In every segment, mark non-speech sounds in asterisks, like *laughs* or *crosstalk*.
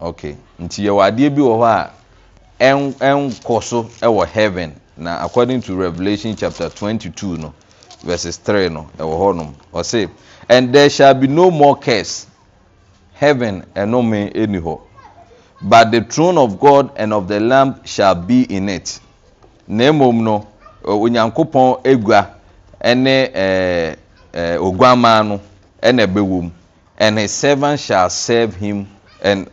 Okay, nti yɛwɔ adeɛ bi wɔ hɔ a ɛnkɔ so ɛwɔ heaven na according to Revelation chapter twenty two no verses three no ɛwɔ hɔ nom ɔse and there shall be no more curse heaven ɛnome ɛni hɔ but the throne of God and of the Lamb shall be in it na emom no onyankopɔn egua ɛne ɛɛ ɛɛ oguamaa no ɛna ɛbɛwom and his servant shall serve him and.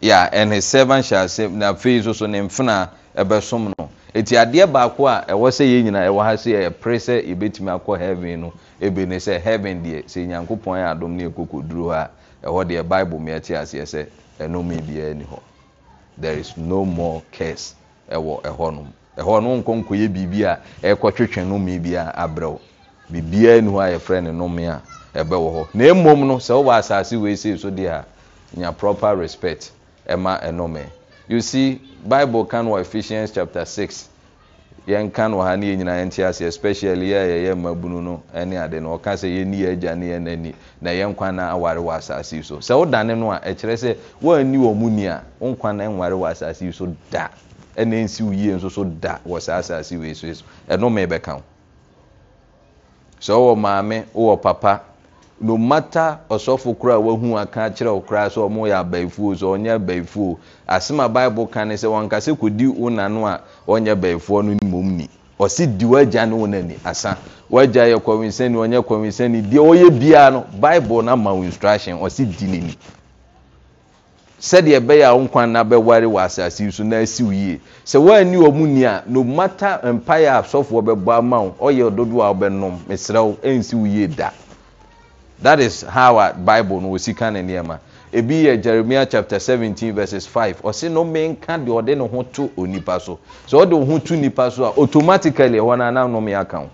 ya and his servant shall say na afei nso so ne mfena ɛbɛsom no eti adeɛ baako a ɛwɔ sɛ yɛn nyinaa ɛwɔ ha sɛ yɛ pray sɛ yɛbɛtumi akɔ heaven no ebi ne sɛ heaven deɛ sɛ nyankopɔn yɛ adom ne ekoko duro ha ɛhɔ deɛ bible mi ɛte aseɛ sɛ ɛnum biara ni hɔ there is no more curse ɛwɔ ɛhɔ nom ɛhɔ no nkɔ nkɔyɛ biribi a ɛkɔ twetwe nom biara abrɛw biribiara ni hɔ a yɛfrɛ ne nom a ɛbɛwɔ hɔ na emom no sɛ ɔwɔ asaase wei sɛ so deɛ a nya proper respect. ɛma ɛnome you see bible ka no wɔ ephesians chapter six yɛn ka no ha ne yɛn nyinaa yɛn ti ase especially yɛ a yɛyɛ mmabunu no ɛne ade no ɔka sɛ yɛn ni yɛn agya ne yɛn n'ani na yɛn kwan na aware wɔ asaase yi so sɛ wodane no a ɛkyerɛ sɛ wɔn ani wɔn mu ni a wɔn kwan na nware wɔ asaase yi so da ɛna nsi yie nso so da wɔ saa asaase yi so ɛnome bɛka ho sɛ ɔwɔ maame ɔwɔ papa. nomata ɔsɔfo koraa a wahu aka kyerɛ wo koraa sɛ ɔmoyɛ abayifuo sɛ ɔnyɛ abayifuo asema bible ka ne sɛ wɔnkasɛ kɔdi wo nano a ɔnyɛ bayifoɔ no mmom ni ɔsi di wagya ne wo nani asa wagya yɛ kɔwinsɛni ɔnyɛ kɔwinsɛni deɛ ɔyɛ biara no bible no ama wo instruction ɔsi di n'ani sɛdeɛ ɛbɛyɛ a wo nkwa na bɛware wɔ asase yi so na asi wo yie sɛ woanni wɔ mu ni a no mata mpaeɛ a asɔfoɔ bɛbɔ ama ɔyɛ ɔdodoɔ a wobɛnom mesrɛ wo that is how our bible no wɔ sika ne nneɛma ebi yɛ jeremiah chapter seventeen verses five ɔsi no menka deɛ ɔde ne ho to onipa so sɛ ɔde ne ho to nipa so a automatically ɛwɔ nanan no yɛ aka ho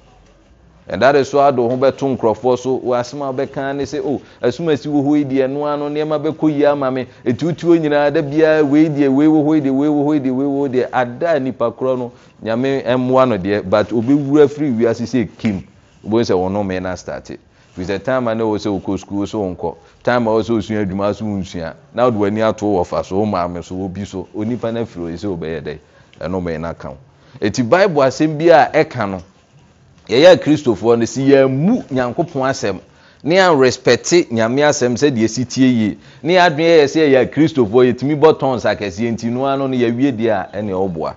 ɛdade so ado ho bɛto nkurɔfoɔ so wɔasoma bɛka ne sɛ o asumasi wɔ hɔ yi deɛ noa no nneɛma bɛkɔ yi ama me etutuo nyinaa da biara wei deɛ wei wɔ hɔ yi deɛ wei wɔ hɔ yi deɛ wei wɔ hɔ deɛ ada nipa korɔ no nyame ɛmoa no deɛ but obi wura firi wiase sɛ kim obi sɛ wɔn no yɛ na start it firi sɛ time a na wɔ sɛ wokɔ sukuu so nkɔ time a wɔ sɛ osua adwuma so nsua na wɔde w'ani ato wɔ fa so maame so obi so onipa na firi sɛ ɔbɛyɛ dɛ ɛno bɛyɛ n'aka ho eti bible asɛm bi a ɛka no yɛyɛ kristofoɔ no si yɛmu nyankopɔn asɛm ne yɛn respɛte nyame asɛm sɛ deɛ si tie yie ne yɛn adwene yɛ sɛ yɛyɛ kristofoɔ yɛtumi bɔ tɔns akɛseɛ nti noa no no yɛwie deɛ a ɛna ɛwɔ boa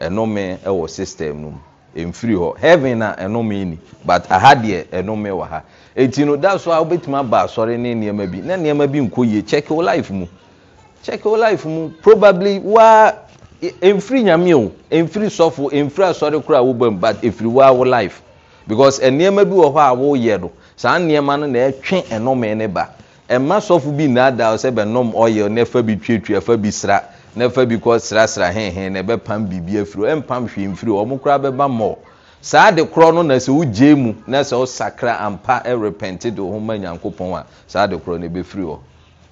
ɛnome ɛwɔ system no mu mfiri hɔ heaven na ɛnome ni but aha deɛ ɛnome wɔ ha eti no that's why wobɛtumi aba asɔre ne nneɛma bi na nneɛma bi nkɔ yie check your life mu check your life mu probably waa mfiri nyame o mfiri sɔfo mfiri asɔre kora woba mu but efiri waa wo life because nneɛma bi wɔ hɔ a woyɛ do saa nneɛma no na ɛtwe ɛnome ne ba ɛma sɔfo bi na ada sɛ bɛnom ɔyɛ ne fa bi twetwe fa bi sra na fa bi kɔ srasra hehe na ɛbɛpam biribi afiri ɛmpam hwee mfiri ɔmo koraa bɛba mmɔ saa de korɔ no na sɛ wogyee mu na sɛ wosakra ampa repɛnte de wo ho ma nyankopɔn a saa de korɔ no bɛfiri hɔ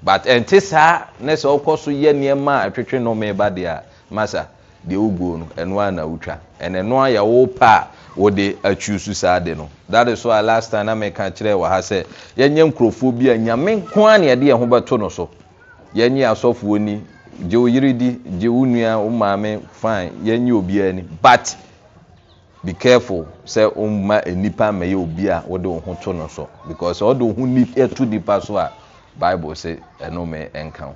but ɛnte saa ne sɛ wokɔ so yɛ nneɛma a atwetwe nnomeeba deɛ a masa deɛ woguo no ɛno a na wotwa ɛnɛ no a yɛwo pɛ a wode atwiw so saa de no that is why last time na meka kyerɛ wɔ ha sɛ yɛnyɛ nkurɔfoɔ bi a nyame nko a ne yɛde yɛn ho bɛto no so yɛnyɛ asɔfoɔ ni gye wo yere di gye wo nua wo maame fine yɛnyɛ obiara ani but be careful sɛ ɔmma nipa mmɛyɛ obi a wɔde wo ho to no so because ɔde wo ho ɛto nipa so a bible sɛ ɛnome ɛnka ho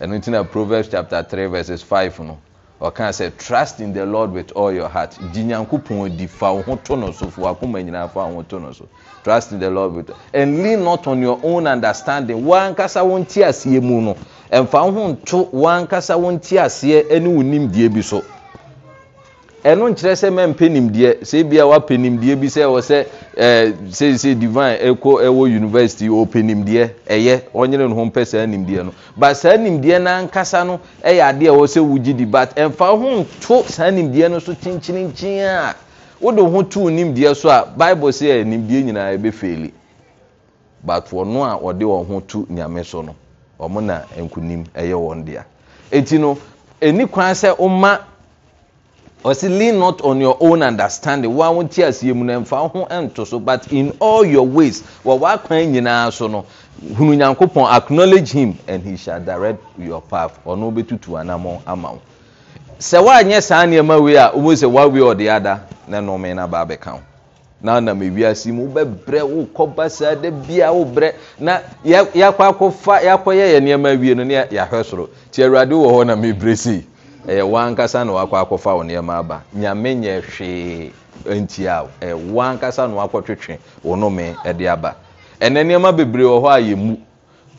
ɛno nti na proverbs chapter three verses five no ɔkaa sɛ trust in the lord with all your heart gye nyankopɔn di fa wo ho to no so fo wakoma nyinaa fa wo to no so trust in the lord with and lean not on your own understanding wankasa wo nte aseɛ mu no ɛmfa wo ho nto wankasa wo nte aseɛ ne wo nimdeɛ bi so ɛno nkyerɛ sɛ mɛmpɛ nimdeɛ sɛ bia woapɛ nimdeɛ bi sɛ ɛwɔ sɛ seisɛ divine ɛkɔ ɛwɔ university ɔpɛ nimdeɛ ɛyɛ ɔnyere no ho mpɛ saa nimdeɛ no ba saa nimdeɛ no ankasa no ɛyɛ adeɛ ɛwɔ sɛ wogye di but ɛmfa ho nto saa nimdeɛ no so kyenkyerenkyen a wode ho too nimdeɛ so a bible sɛ ɛ nimdeɛ nyinaa ɛbɛfeeli but wɔno a ɔde wɔn ho to nyame so no ɔmo na nkonim ɛyɛ wɔn dea ɛnti no ɔsi lean not on your own understanding wɔn a wɔn ti aseɛ mu na nfa ho nto so but in all your ways wɔ wakwan nyinaa so no hunu nyankopɔn acknowledge him and he shall direct your path ɔno tutu anamɔ ama wo sɛ wɔanyɛ saa nneɛma wei a wɔn sɛ wɔawie ɔde ada na nnɔɔme na ba abɛka ho na nam ewiase mu wobɛbrɛ wokɔ basaa da bia wobrɛ na yɛakɔ akɔfa yɛakɔyɛ yɛ nneɛma awie no ne yɛahwɛ soro nti awurade wɔ hɔ na mebrɛ sei ɛyɛ eh, wankasa na wakɔ akɔfa wo nneɛma aba nyame nyɛ hwee ntia wo ɛyɛ eh, wankasa na wakɔtwetwe wo nome ɛde eh, aba ɛnɛ nneɛma bebree wɔ hɔ a yɛ mu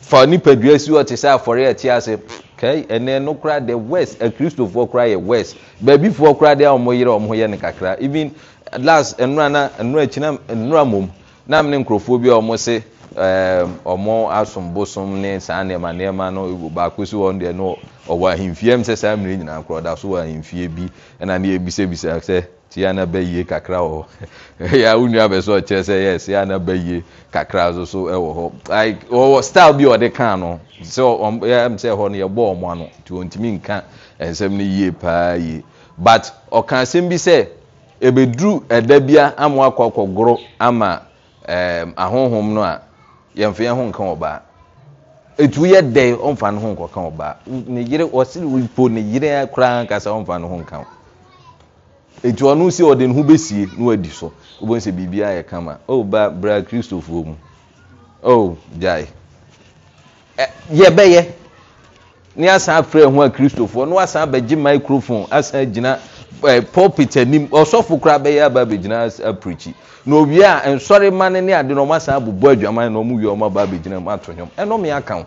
fa nipadua si hɔ te sɛ afɔre ɛte ase kɛi ɛnɛ no kora the west akristofoɔ kora yɛ west baabifoɔ kora de a wɔn yere wɔn ho yɛ no kakra even last nnura na nnura akyi na nnura mom na mene nkurɔfoɔ bi a wɔn se. ɔmo asom bosom ne saa nneema nneema no ɛgu baako si wɔn deɛ no ɔwɔ ahemfie m sɛ saa mmirɛ nyinaa korɔ ɔda so wɔ ahemfie bi ɛna ne yɛbisabisa sɛ tia na bɛ yie kakra wɔ ya *laughs* yɛ wo nua bɛ sɛ ɔkyerɛ sɛ yɛ sia na bɛ yie kakra so so ɛwɔ hɔ like ɔwɔ style bi ɔde kaa no sɛ ɔm yɛm sɛ hɔ no yɛbɔ ɔmo ano nti wɔntumi nka nsɛm no yie paa yie but ɔka asɛm bi sɛ ebeduru ɛda bia ama akɔ akɔgoro ama ɛɛm ahonhom no a. yɛmfa yɛn ho nka ɔbaa etu yɛ dɛ ɔmfa ne ho nkɔka ɔbaa ne yere ɔsi po ne yere koraa nkasa ɔmfa ne ho nka etu ɔno si ɔde ne ho besie na wadi so wɔn sɛ biribi ayɛ kama o ba bra kristofoɔ mu o gyae ɛ yɛbɛyɛ ne asan afra ho a kristofoɔ no asan abɛgye microphone asan gyina. Eh, pulpit anim ɔsɔfo koraa bɛyɛ aba abɛgyina aprikyi eh, na owie a nsɔre ma no ne ade na ɔmo asan abobɔ adwaman na ɔmo wie ɔmo aba abɛgyina mu ato nwom ɛnɔmi aka ho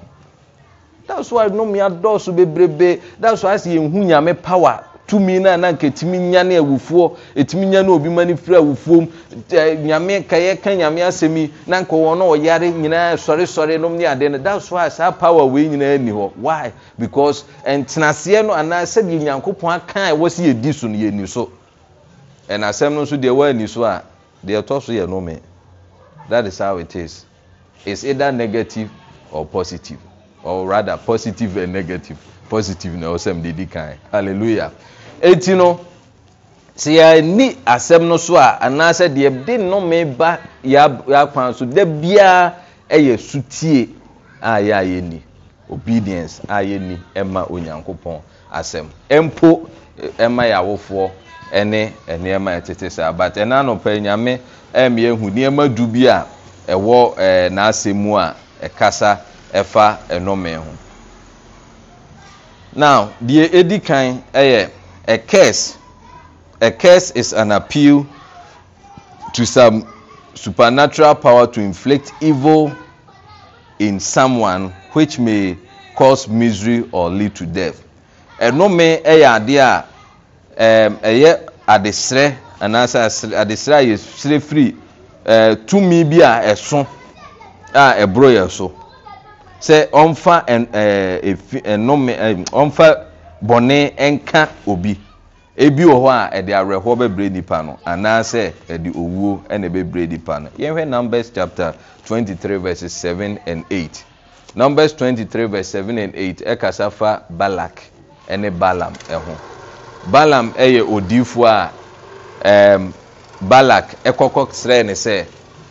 that's why ɛnɔmi adɔɔso bebrebe that's why asi nyame power tumi no ananka ɛtumi nyane awufoɔ ɛtumi nyane obi ma no firi awufoɔ mu eh, nyame ka yɛka nyame asɛm yi na nka wɔn no ɔyare nyinaa sɔresɔre nom ne ade no that's why saa power wei nyinaa ni hɔ why because ntenaseɛ no anaa sɛdeɛ nyankopɔn aka a ɛwɔ sɛ yɛdi so no yɛni so ɛna asɛm no nso deɛ wɔani so a deɛ ɛtɔ so yɛ nome that is how it is it's either negative or positive or rather positive and negative positive na ɔsɛm de kan hallelujah eti no sɛ ni asɛm no so a anaasɛ deɛ de nnome ba yɛakwan so da biara ɛyɛ sutie a yɛ a yɛni obedience a yɛni ɛma onyankopɔn asɛm mpo ɛma yɛ awofoɔ ɛne nneɛma ɛtete sa but ɛna anɔpɛ nyame ɛm yɛhu nneɛma du bi a ɛwɔ ɛɛ n'asɛm mu a ɛkasa ɛfa ɛnome ho now deɛ ɛdi kan yɛ a curse a curse is an appeal to some supernatural power to inflict evil in someone which may cause misery or lead to death ɛnome yɛ adeɛ a ɛyɛ adesrɛ anaasɛ adesrɛ a yɛsrɛ firi tumi bi a ɛso a ɛboro yɛ so sɛ ɔmfa efi ɛnome ɛ ɔmfa bɔne ɛnka obi ebi wɔ hɔ a ɛde awerɛhoɔ bɛbrɛ nipa no anaasɛ ɛde owuo ɛna ɛbɛbrɛ nipa no yɛnhwɛ numbers chapter twenty three verses seven and eight numbers twenty three verse seven and eight ɛkasa fa balak ɛne balam ɛho balam ɛyɛ odiifoɔ a ɛɛm balak ɛkɔkɔ srɛ ne sɛ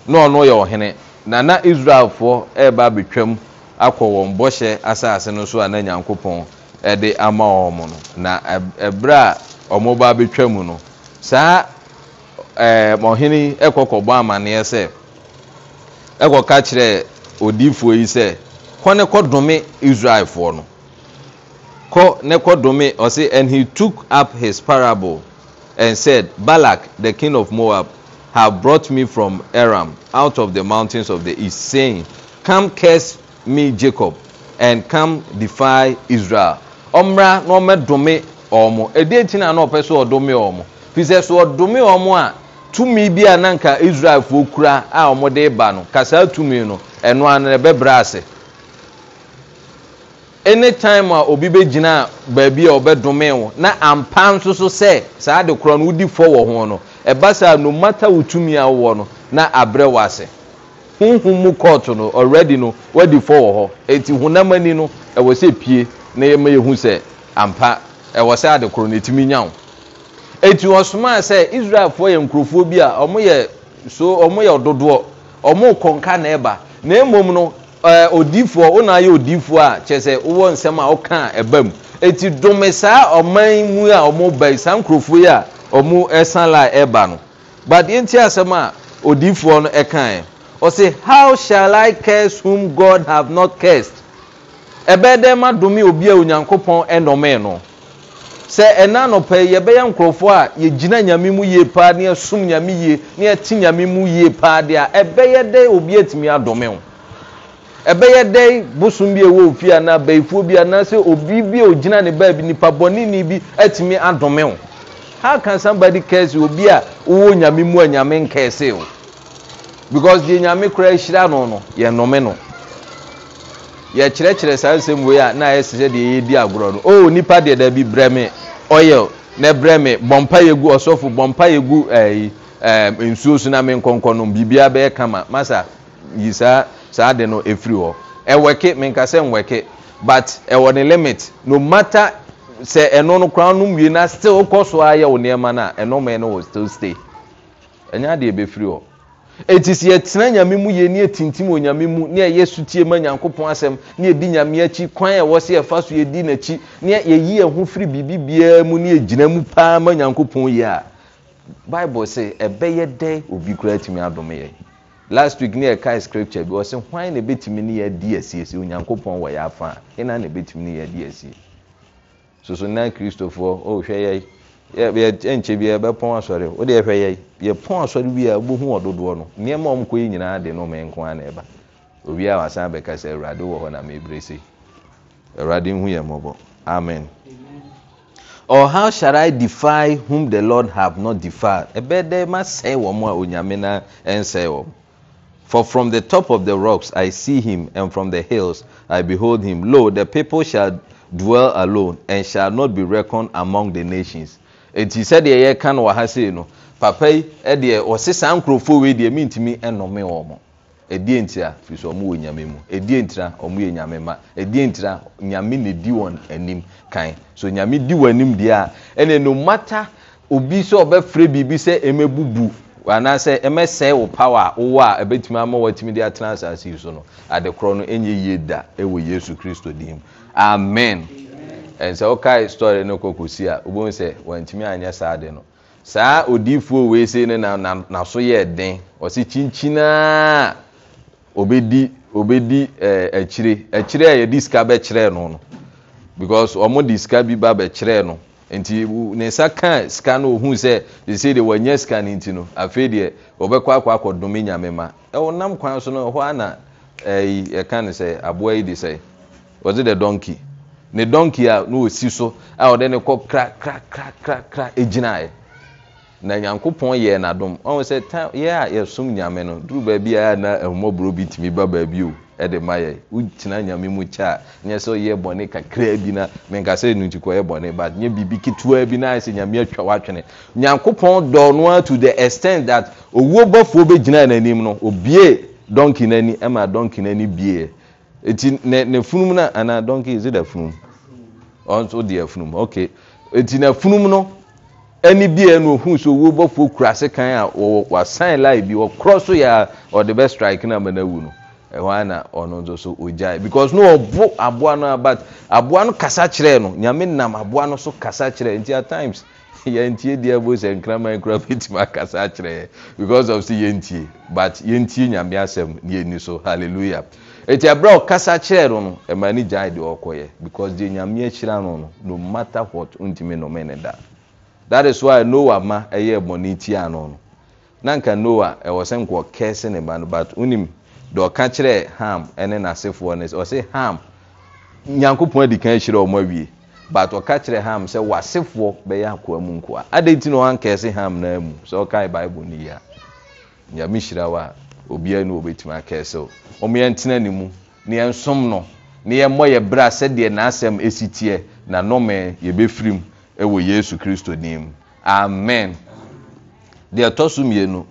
na ɔno yɛ ɔhene na na israelfoɔ ɛɛba abɛtwam akɔ wɔn bɔhyɛ asase no so a na nyankopɔn ɛde ama wɔn no na ɛbrɛ a wɔn ba abɛtwa mu no saa ɛɛ ɔhene ɛkɔ kɔbɔ amaneɛ sɛ ɛkɔ ka kyerɛ odiifoɔ yi sɛ kɔ ne kɔdome israelfoɔ no kɔ ne kɔdome ɔsi and he took up his parable and said balak the king of moab have brought me from aram out of the mountains of the east saying come curse me jacob and come defy israel ɔmmra na ɔmmɛdome ɔmo ɛdeɛ nti na na ɔpɛ sɛ ɔdome ɔmo firi sɛ ɔdome ɔmo a tumi bi a nanka israelfoɔ kura a ɔmode ba no kasaa tumi no ɛno ano ɛbɛbrɛ ase anytime a obi bɛgyinaa baabi a ɔbɛdome wo na ampa nso so sɛ saa ade korɔ no wodi fɔ wɔ ho no ɛba saa no mata wo tumi a wowɔ no na abrɛ wɔ ase honhum mu kɔɔto no ɔredi no wadi fɔ wɔ hɔ ɛnti honam ani no ɛwɔ sɛ pie na yɛma yɛhu sɛ ampa ɛwɔ sɛ ade korɔ no ɛtumi nya wo sɛ israelfoɔ yɛ nkurɔfoɔ bi a ɔmoyɛ so ɔmoyɛ ɔdodoɔ ɔmo kɔnka na ɛba na mmom no ɛɛ odiifoɔ wona ayɛ odiifoɔ a kyerɛ sɛ wowɔ nsɛm a ɔka ɛba mu ɛnti dome saa ɔman mu a ɔmo ba yi saa nkurɔfoɔ yi a ɔmo ɛsan la ɛba no but yɛnti asɛm a odiifoɔ no ɛkaeɛ or say how shall i curse whom god have not cursed ɛbɛyɛ dɛ ma domi obi a onyankopɔn ɛnɔmɛ no sɛ ɛna nɔpɛ yɛbɛyɛ nkurɔfoɔ a yɛgyina nyame mu yie paa ne yɛsom nyame yie ne yɛte nyame mu yie paa deɛ a ɛbɛyɛ dɛ obi atumi adɔme wo ɛbɛyɛ dɛ bosom bi a ɛwɔ ofie anaa bɛyifoɔ bi anaa sɛ obi bi a ogyina ne baabi nipa bɔnene bi atumi adɔme wo how can somebody curse obi a wowɔ nyame mu a nyame nkɛɛse wo because deɛ nyame koraa hyira no no yɛnnome no yɛkyerɛkyerɛ saa nsɛm wei a na ayɛ sɛ deɛ yɛdi agorɔ no o oh, nipa deɛ da bi brɛ me oil ne brɛ me bɔmpa yɛ gu ɔsɔfo bɔmpa yɛ gu ɛyi ɛɛm nsuo so na me nkɔnkɔn no biribiara bɛyɛ kama masa yi saa saa de no efiri hɔ ɛwɛke menkasa nwɛke but ɛwɔ ne limit no matter sɛ ɛno no koraa no wie na still kɔ so ayɛ wo nneɛma no ɛno mɛ no wɔ still stay ɛnyɛ adeɛ bɛfiri hɔ ɛti sɛ yɛtena nyame mu yɛ ne yɛtintim wɔ nyame mu ne ɛyɛ sotie ma nyankopɔn asɛm ne yɛdi nyame akyi kwan ɛwɔ sɛ yɛfa so yɛdi n'akyi ne yɛyi yɛn firi biribi biara mu ne yɛgyina mu paa ma nyankopɔn yie a bible sɛ ɛbɛyɛ dɛn obi koraa tumi adome yɛn last week ne yɛka scripture bi ɔsɛ hwan na ɛbɛtumi ne yɛadi asiesie onyankopɔn wɔ yɛ afa a ɛna na ɛbɛtumi ne yɛadi asie soso na kristofoɔ ɔrehwɛ oh, yɛn ɛnkyɛ bia bɛpɔn asɔre wode yɛhwɛ yɛ yɛpɔn asɔre bia wobɛhu ɔdodoɔ no nneɛma ɔmkɔ yi nyinaa de no menko a na ɛba obia wasan bɛka sɛ awurade wɔ hɔ na mebrɛ sei awurade hu yɛ mmɔbɔ amen or how shall I defy whom the Lord have not defied? Ɛbɛ dɛ ma sɛɛ wɔn a onyame na ɛnsɛɛ For from the top of the rocks I see him, and from the hills I behold him. Lo, the people shall dwell alone, and shall not be reckoned among the nations. ɛnti sɛdeɛ yɛka no wɔha sei no papa yi deɛ ɔse saa nkurɔfoɔ wei deɛ mentumi nome wɔ mo ɛdeɛ ntira firi sɛ ɔmo wɔ nyame mu ɛdeɛ ntira ɔmo yɛ nyame ma ɛdeɛ ntira nyame ne di wɔn anim kan so nyame di wɔn anim deɛ a ɛnna no mata obi sɛ ɔbɛfrɛ biribi sɛ ɛmɛbubu anaasɛ ɛmɛsɛɛ wo power a wowɔ a ɛbɛtumi ama wɔatumi de atena asase yi so no adekorɔ no ɛnyɛ yie da ɛwɔ yesu kristo dim amen. amen ɛnsɛ wokae story no kɔkɔsi a wobɛhu sɛ wantumi anyɛ saa de no saa odiyifoɔ weisei no naso yɛ den ɔse kyinkinaaa ɔbɛdi eh, akyire akyire a yɛde sika bɛkyerɛɛ no no because ɔmode sika bi ba bɛkyerɛɛ no nti ne nsa kaa sika no ɔhuu sɛ sesei deɛ wanyɛ sika no nti no afei deɛ ɔbɛkɔ akɔ akɔdome nyame ma ɛwɔ nam kwan so no ɛhɔ ana eh, yɛka no sɛ aboa yi de sɛ wɔdze the donkey ne dɔnki a na osi so a ɔde ne kɔ kra kra kra kra kra krakrakrakra yɛ. na nyankopɔn yɛɛ n'adom ɔhu sɛ yɛ a yɛsom nyame no duru baabiaa na ahomɔborɔ bi tumi ba baabi o ɛde ma yɛ wogyina nyame mu kyɛ a nyɛ sɛ ɔyɛ bɔne kakraa bi no menka sɛ ɛno yɛ bɔne but nyɛ biribi ketewa bi na ayɛ sɛ nyame atwa w'atwene nyankopɔn dɔ to the extent that owuo bɔfoɔ bɛgyinaa n'anim no ɔbie dɔnki n'ani ma dɔnki n'ani bieɛ eti ne ne funum na ana donkey is it a funum ɔnso oh deɛ funum okay eti na funum no ɛni bi a ɛna ohun so owó bɔfo kura ase kan a wɔ wasan line bi ɔkorɔ so yɛ a ɔde bɛ strike na ama na wu no ɛhɔ e, ana ɔno nso so ogya because no ɔbo aboa no abat aboa no kasa kyerɛ no nyame nam aboa no so kasa kyerɛ nti at times *laughs* yɛntie deɛ bo sɛ nkraman kura *laughs* bɛtumi akasa kyerɛ because of say yɛntie but yɛntie nyame asɛm ni so hallelujah. Eti aberɛ a ɔkasa kyerɛɛ no no ɔma ni gyae deɛ ɔkɔyɛ because deɛ nyame akyira no no no matter what ntumi nnome ne da that is why noa ma ɛyɛ bɔne tiaa ano. no na anka ɛwɔ e sɛ nka ɔkɛse ne ba no but wonim deɛ ɔka kyerɛ ham ne n'asefoɔ no ɔse ham nyankopɔn adi kan ahyirɛ ɔmo awie but ɔka kyerɛ ham sɛ w'asefoɔ bɛyɛ akoa mu nkoa adɛn nti na ɔankɛse ham na mu sɛ ɔkae bible no yi nyame hyira wo obiaa ne wɔbɛtumi akɛɛ sɛ ɔmo yɛntena ne mu ne yɛnsom no ne yɛmmɔ yɛ berɛ a sɛdeɛ n'asɛm ɛsiteɛ na nɔme yɛbɛfirim wɔ yesu kristo nim amen deɛ ɛtɔ so mmienu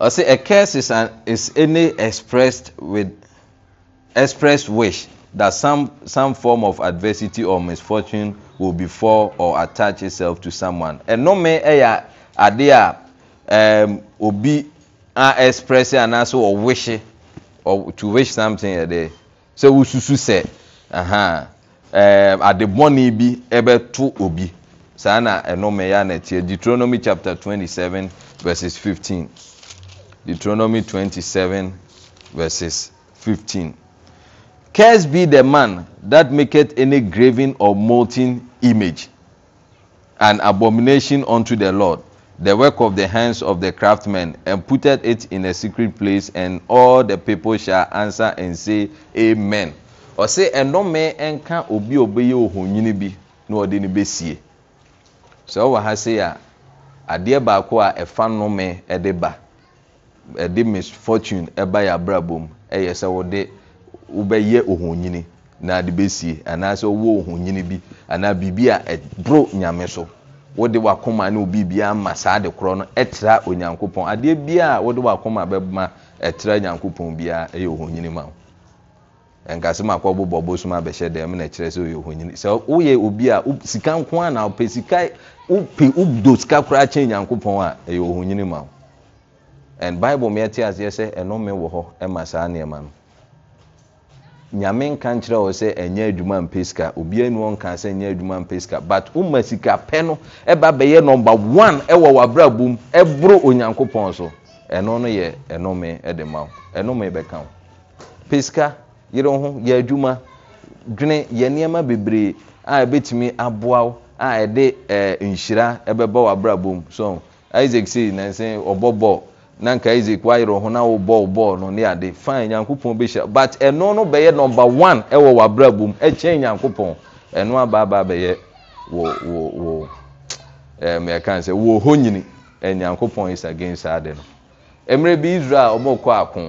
ɔsɛ a curse is, an, is any expressed with expressed wish that some some form of adversity or misfortune will befall or attach itself to someone ɛnome ɛyɛ adeɛ a um, obi a express anaasɛ or to wish something yɛde sɛ wosusu sɛ ade bɔne bi bɛto obi saa na ɛnomɛyɛ anatiɛ deuteronomy chapter twenty-seven, vs fifteen. deuteronomy twenty-seven, vs fifteen. Cursed be the man that maketh any graven or molten image, an abomination unto the Lord, the work of the hands of the craftsmen, and putteth it in a secret place, and all the people shall answer and say, Amen. Ɔse ɛnɔmɛ ɛnka obi obeye ohonyini bi na ɔde ne besie. Sɛ ɔwɔ ha se a, adeɛ baako a ɛfa nnɔmɛ ɛde ba, ɛde misfortune ɛba yɛ abrabɔ mu, ɛyɛ sɛ wɔde wobɛyɛ ohonyini na ade besie, anaasɛ ɔwɔ ohonyini bi, anaa biribi a ɛboro nyame so wode wakoma ne obibiaa ma saa de korɔ no ɛtra onyankopɔn adeɛ biaa wode wakoma bɛma ɛtra nyankopɔn biaa yɛ ɔhonyini ma wo ɛnkase makɔ bobɔbo som abɛhyɛ dɛm na ɛkyerɛ sɛ ɔyɛ ɔhonyini sɛ woyɛ obi a sika nko a na wopɛ sika wopɛ wodɔ sika koraa kyɛn nyankopɔn a ɛyɛ ɔhonyini ma and bible meɛte aseɛ sɛ ɛnome wɔ hɔ ma saa nneɛma no nyame nka nkyerɛ wɔ sɛ ɛnyɛ adwuma mpe sika obiaa ni ɔnka sɛ ɛnyɛ adwuma mpe sika but woma sika pɛ no ɛba bɛyɛ number one ɛwɔ w'abrabom ɛboro onyankopɔn so ɛno no yɛ ɛnome de ma wo ɛnome bɛka wo pe sika yere ho yɛ adwuma dwene yɛ nnoɔma bebree a ɛbɛtumi aboa wo a ɛde eh, nhyira bɛba w'abrabom so isaac sei nanse ɔbɔbɔ na nka isaac wayerɛ ho na wo bɔɔl bɔɔl no ne ade fine nyankopɔn bɛhyia but ɛno no bɛyɛ number one ɛwɔ e w'abrabɔ mu e ɛkyɛn nyankopɔn ɛno abaabaa bɛyɛ wɔ wɔ wɔ ɛɛ eh, mɛka sɛ wɔ hɔ nyini ɛnyankopɔn e is against ade no mmerɛ bi israel ɔmo kɔ ako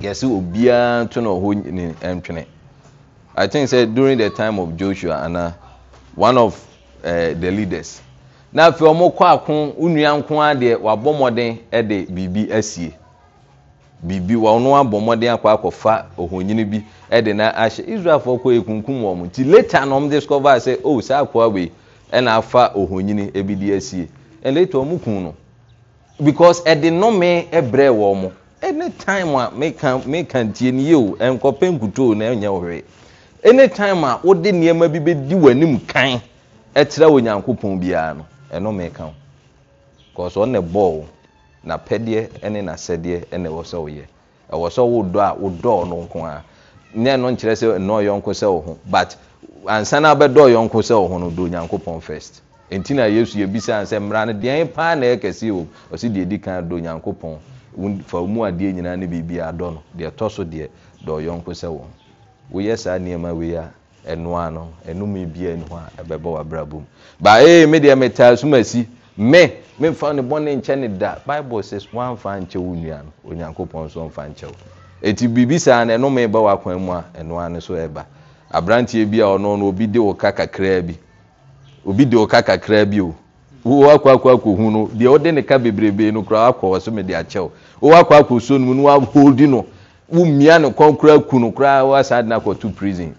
yɛsɛ obiara to na ɔhɔ nyini ɛntwene i think say during the time of joshua ana one of uh, the leaders. na afei ɔmokɔ ako wonua nko a wabɔ mmɔden de biribi asie biribi wɔno abɔ mmɔden akɔ akɔfa ohonyini bi de na ahyɛ israelfoɔ kɔ ekunkum nti later na discover sɛ oh, saa wei afa bi de asie and later kun no because nnome brɛ wɔn any time a meka meka ntie ni na a nneɛma bi bɛdi wɔn kan ɛnome ka ho because ɔne bɔɔl n'apɛdeɛ ne n'asɛdeɛ na ɛwɔ sɛ ɔyɛ ɛwɔ sɛ ɔwɔ dɔ a ɔdɔɔ no nko ara nyɛ no nkyerɛ sɛ ɛnɔ yɔnko sɛ wɔ but ansa na abɛdɔ yɔnko sɛ wɔ no do nyankopɔn first nti na yesu ebisa sɛ mmara no deɛn paa na ɛyɛ kɛseɛ wɔ ɔsi deɛ di kan do nyankopɔn fa mu adeɛ nyinaa ne biribi adɔ no deɛ ɛtɔ so deɛ dɔ yɔnko sɛ woyɛ saa nneɛma wei a ɛnoa no ɛnome biaa ni ɛbɛbɔ ba ee eh, me deɛ asi me memfa ne da bible says woamfa nkyɛ wo nnua no onyankopɔn so ɔmfa nkyɛ eti biribi saa no ɛnome mu a ɛnoa no so ɛba aberanteɛ bi a ɔno no obi de kakraa bi obi de kakraa bi o wowakɔakɔakɔhu no deɛ wode ne ka no no mu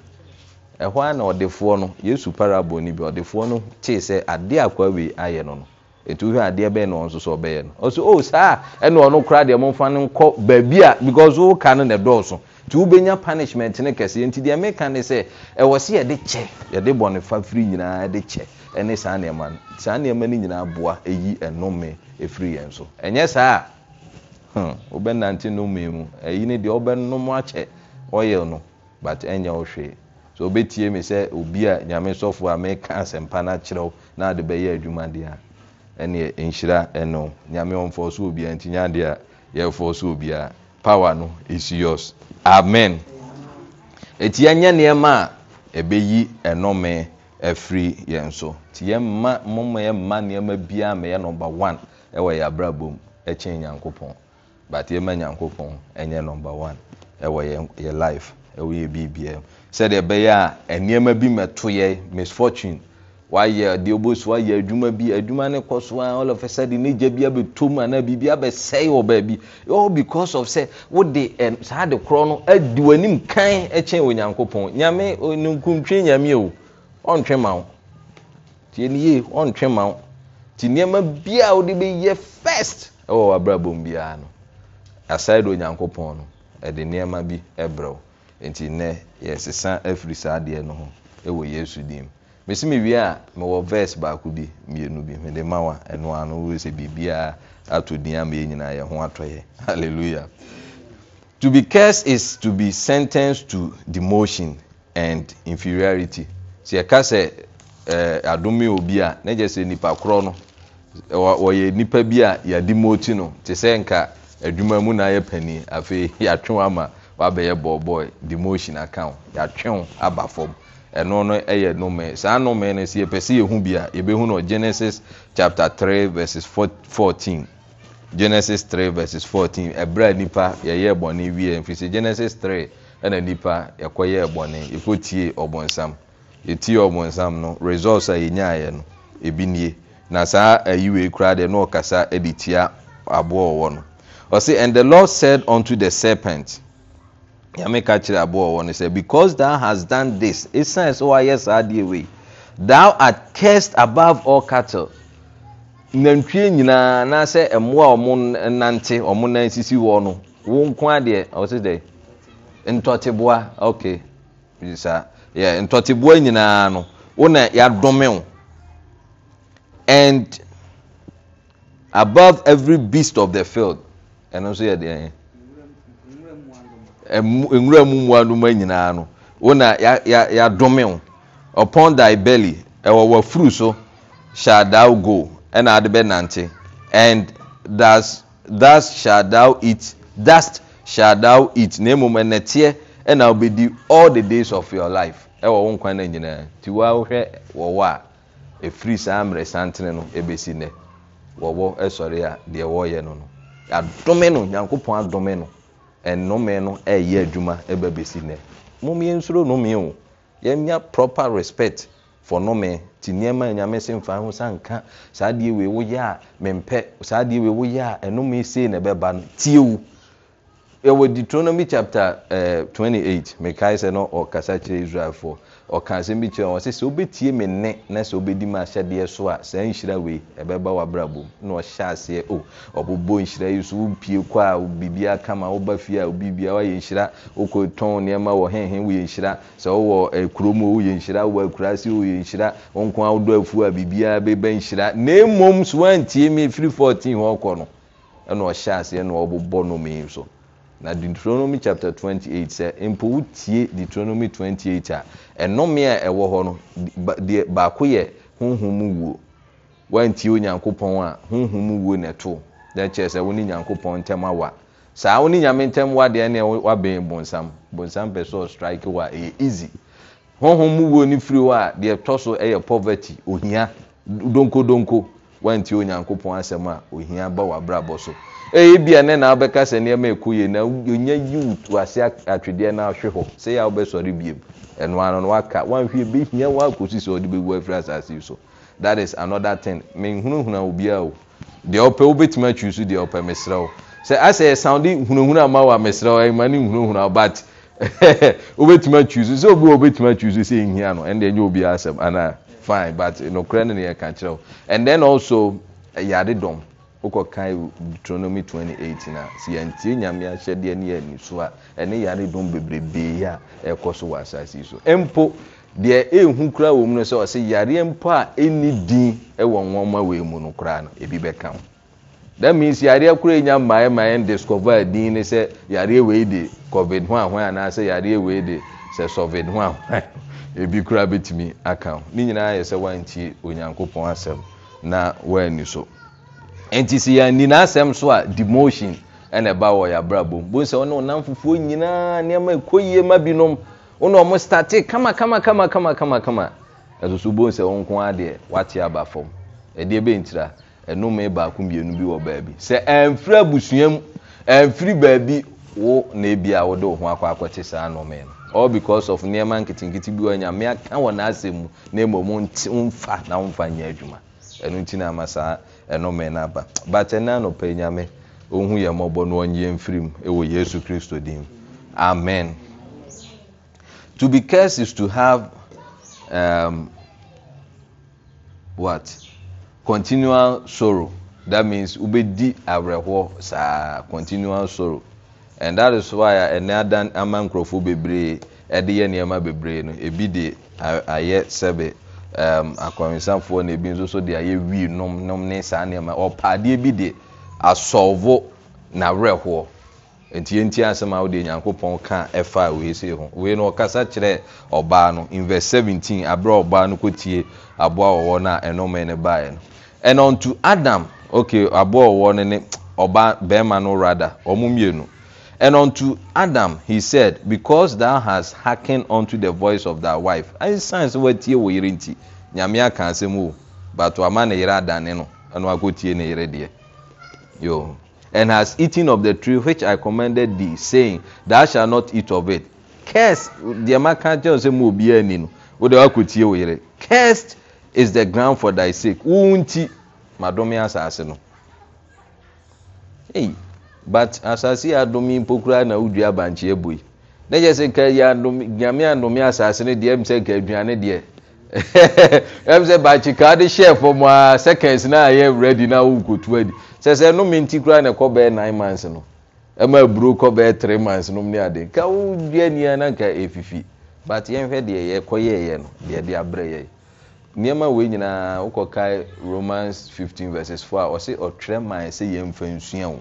ɛhɔ a na ɔdefoɔ no yesu parabol no bi ɔdefoɔ no tee sɛ adeɛ akwawei ayɛ no no ɛnti wohwɛ adeɛ bɛɛ na ɔ so ɔbɛyɛ no ɔso o oh, saa a ɛne ɔno kora deɛ momfa no nkɔ baabi a because wowoka no na dɔɔso nti wobɛnya punishment ne kɛseɛ nti deɛ meka ne sɛ ɛwɔ se yɛde kyɛ yɛde bɔne fa firi nyinaa de kyɛ ɛne saa nnoɔma no saa nnoɔma no nyinaa boa ɛyi ɛnome efiri yɛn so ɛnyɛ saa a hmm, wobɛnante nomee mu ɛyi no deɛ wobɛnom akyɛ ɔyɛ no but ɛnyɛ so wobɛtie me sɛ obi a nyame sɔfoɔ a meka asɛmpa no akyerɛw na ade bɛyɛ adwuma deɛ a ɛneɛ nhyira ɛno nyame ɔmfɔɔ so obiaa nti nyadeɛ a yɛfoɔ so obiaa power no is yours amen ɛti yɛnyɛ nneɛma a ɛbɛyi ɛnome afiri yɛn so nti yɛmma moma yɛmma nneɛma biara mɛyɛ number one ɛwɔ yɛ abrabɔ mu ɛkyɛn nyankopɔn but yɛma nyankopɔn ɛnyɛ number one ɛwɔ yɛ life ɛwɔ yɛ biribiara mu sɛdeɛ ɛbɛyɛ a nneɛma bi mɛto yɛ misfortune wayɛ deɛ ɔbɔ so wayɛ adwuma bi adwuma ne kɔ so a ɔlɔfɛ sɛde ne gya bi abɛtɔ mu anaa biribi abɛsɛe wɔ baabi all because of sɛ wode saa de korɔ no adi w'anim kan kyɛn onyankopɔn nyame ninkuntwe nyame o ɔntwe ma wo tie ne yie ɔntwe ma wo nti nneɛma bia a wode bɛyɛ first ɛwɔ w'abrabɔ mu biara no aside onyankopɔn no ɛde nneɛma bi ɛbrɛ wo nti nnɛ yɛsesa afiri saa adeɛ no ho wɔ yesu dim mesi mi wie a mewɔ verse baako bi mmienu bi mede ma wa ɛno ano wo sɛ biribiara ato din ama yɛn nyinaa yɛn ho atɔ yɛ *laughs* hallelujah to be cursed is to be sentenced to demotion and inferiority sɛ yɛka sɛ ɛɛ eh, adome obi a ne gye sɛ nipa korɔ no wɔyɛ nipa bi a yɛde mooti no te sɛ nka adwuma mu na ayɛ panyin afei yɛatwe ama wabɛyɛ bɔɔbɔɔ demotion account. wo yɛatwe aba fam ɛno no yɛ nnome saa nnome no sɛ yɛpɛ sɛ yɛhu bi a yɛbɛhu no genesis chapter three verses fourteen. genesis three verses fourteen. ɛberɛ a nipa yɛyɛ bɔne wie mfiri genesis three. ɛna nipa yɛkɔ yɛ bɔne yɛkɔtie ɔbɔnsam yɛtie ɔbɔnsam no results a yɛnyaeɛ no ebi nie na saa ayiwee koraa deɛ na ɔkasa de tia aboɔ ɔwɔ no ɔsi and the lord said unto the serpent yàmẹ́ka kyerɛ aboɔ wɔ no sɛ because thou has done this esan so wayɛ saa adeɛ wei thou art cursed above all cattle nantwie nyinaa anaasɛ mmoa a nante wɔn nan sisi wɔ no wɔn nko adeɛ ɔsi dɛ ntɔteboa okay saa yɛ ntɔteboa nyinaa no wɔn a yɛadomew and above every beast of the field ɛno nso yɛ deɛ yɛn nwura mu mmoa no nyinaa no wo na yɛadome upon thy belly ɛwɔ w'afuru so shall thou go ɛna ade bɛnante and thus thus shall thou eat dust shall thou eat na mmom ɛnɛteɛ ɛna wobɛdi all the days of your life ɛwɔ wo nkwa no nyinaa nti woa wohwɛ wɔwɔ a ɛfiri saa mmerɛ santene no ɛbɛsi nnɛ wɔwɔ sɔre a deɛ wɔyɛ no no adome no nyankopɔn adome no nnome no ɛyɛ adwuma ɛbɛ bɛsi nɛ mumie nsoro nnome o yɛmia proper respect for nnome ti nneɛma nyame se nfa ho sa nka saa adeɛ wei woyɛ a mempɛ saa adeɛ wei woyɛ a nnome sei na ɛbɛba no tie o yɛwɔ deuteronomy chapter eh, twenty-eight, mekae sɛ no ɔkasa kyerɛ israelfoɔ ɔka asɛm bi kyerɛ ɔ sɛ sɛ wobɛtie me nne na sɛ wobɛdi ma ahyɛdeɛ so a saa nhyira wei ɛbɛba w'abrabom na ɔhyɛ aseɛ o ɔbobɔ nhyira yi so wopie kɔ a biribia kama woba fie a biribia woayɛ nhyira wokɔtɔn nneɛma wɔ henhen woyɛ nhyira sɛ wowɔ eh, kurom o woyɛ nhyira wowɔ akuraase woyɛ nhyira wo nko a wodɔ afuo a biribiaa bɛbɛ nhyira na mmom so woantie me firi 14 hɔ kɔ no ɛna ɔhyɛ aseɛ na ɔbobɔ nom yi so na deuteronomy chapter twenty-eight sɛ mpo wotie deuteronomy twenty-eight a ɛnome a ɛwɔ hɔ no deɛ baako yɛ honhom mu wuo wantie onyankopɔn a honhom mu wuo na ɛto na kyerɛ sɛ wo ne nyankopɔn ntɛm awa saa wo ne nyame ntɛm wadeɛ ne wabɛn bonsam bonsam pɛ sɛ ɔstrike wɔ a ɛyɛ easy honhom mu wuo ne firi hɔ a deɛ ɛtɔ so ɛyɛ poverty ohia donkodonko wantie onyankopɔn asɛm a ohia ba wɔ abrabɔ so baenaɛkasnoak tɛ hɔeɛui teesɛsae esɛɛui ɛɛkɛedɔ wokɔkae deuteronomy 28 na a sɛ yɛntie nyame ahyɛdeɛ ne yɛani so a ɛne bebrebe bebrebee a ɛkɔ so wɔ asase yi so mpo deɛ ɛhu kura wɔ mu no sɛ ɔsɛ yareɛ mpo a ɛnni din wɔ nwɔma wei mu no koraa no ɛbi bɛka ho that means yareɛ koraa ɛnya mmaɛmaɛn discover a din ne sɛ yareɛ wei de covid ho ahoɛ anaasɛ yareɛ wei de sɛ sovid ho ahoɛ ɛbi *laughs* koraa bɛtumi aka ho ne nyinaa yɛ sɛ woantie onyankopɔn asɛm na woani so ɛnti sɛ yɛanina asɛm so a demotion ɛne ɛba wɔ yɛabrabɔm bohu sɛ wo ne wonam fufuɔ nyinaa nnoɔma ɛkɔyie ma binom wone ɔmo kama kama kama so bohu sɛ wo nko adeɛ woate aba fam ɛdeɛ bɛntira ɛnome baakomienu bi wɔ baabi sɛ ɛmfiri abusua mu ɛmfiri baabi wo ne bia wode wo ho akɔ akɔte saa nnome no all because of nnoɔma nketenkete bi wɔnyame aka wɔ n'asɛm mu na mmom womfa na womfa nyɛ adwuma ɛno nti no ama saa ɛnome no aba but ɛne anɔpɛ inyame ɔhu yɛ mɔbɔ no ɔnyɛ mfiri mu wɔ yesu kristo dimu amen to be carse is to havewa um, continual sorow that means wobɛdi awerɛhɔ saa continual sorrow and that is why ɛne ada ama nkurɔfo bebree ɛde yɛ nneɔma bebree no ebi de ayɛ sɛbe akwansafoɔ na ebi nso so de ayɛ wii nomnom ne saa nneɛma nnoɔma ɔpaadeɛ bi de asɔlvo nawerɛhoɔ ɛntiɛnti asɛm a wode nyankopɔn ka ɛfa weisei ho wei no ɔkasa kyerɛ ɔbaa no invers 17 aberɛ ɔbaa no kɔtie aboa wɔwɔ no a ɛnoma no baeɛ no ɛn ɔnto adam ok aboa wɔwɔ no ne ɔba bɛrima no rather mmienu. And unto Adam he said, Because thou hast hearkened unto the voice of thy wife. Ayi sign sɛ wɔatie wɔ yere nti, nyame aka asɛm o, but wama ne yere adane no, ɛna wakɔtie ne yere deɛ. Yo. And has eaten of the tree which I commanded thee, saying, Thou shalt not eat of it. Cursed, deɛ ma ka kyɛn sɛ mo obiara ni no, wode wakɔtie wɔ yere. Cursed is the ground for thy sake. Wo nti, madome Hey but asase adome mpo koraa na wodua abankye abui ne kyɛ sɛ *laughs* ka yɛ adome nyame adome asase no deɛ ɛm sɛ ka aduane deɛ ɛm sɛ baakye kaa de hyɛ fam a seconds na ayɛ ready na wokotu adi sɛ sɛ nome nti koraa na ɛkɔ bɛyɛ nine months no ɛma e aburo kɔ bɛyɛ three months nom ne ade ka wodua nia na nka ɛfifi but yɛnhwɛ deɛ yɛkɔ yɛɛyɛ no deɛ de abrɛ yɛyɛ nneɛma wei nyinaa wokɔkae romans 15 verses 4 a ɔse ɔtwerɛ man e sɛ yɛmfa nsua wo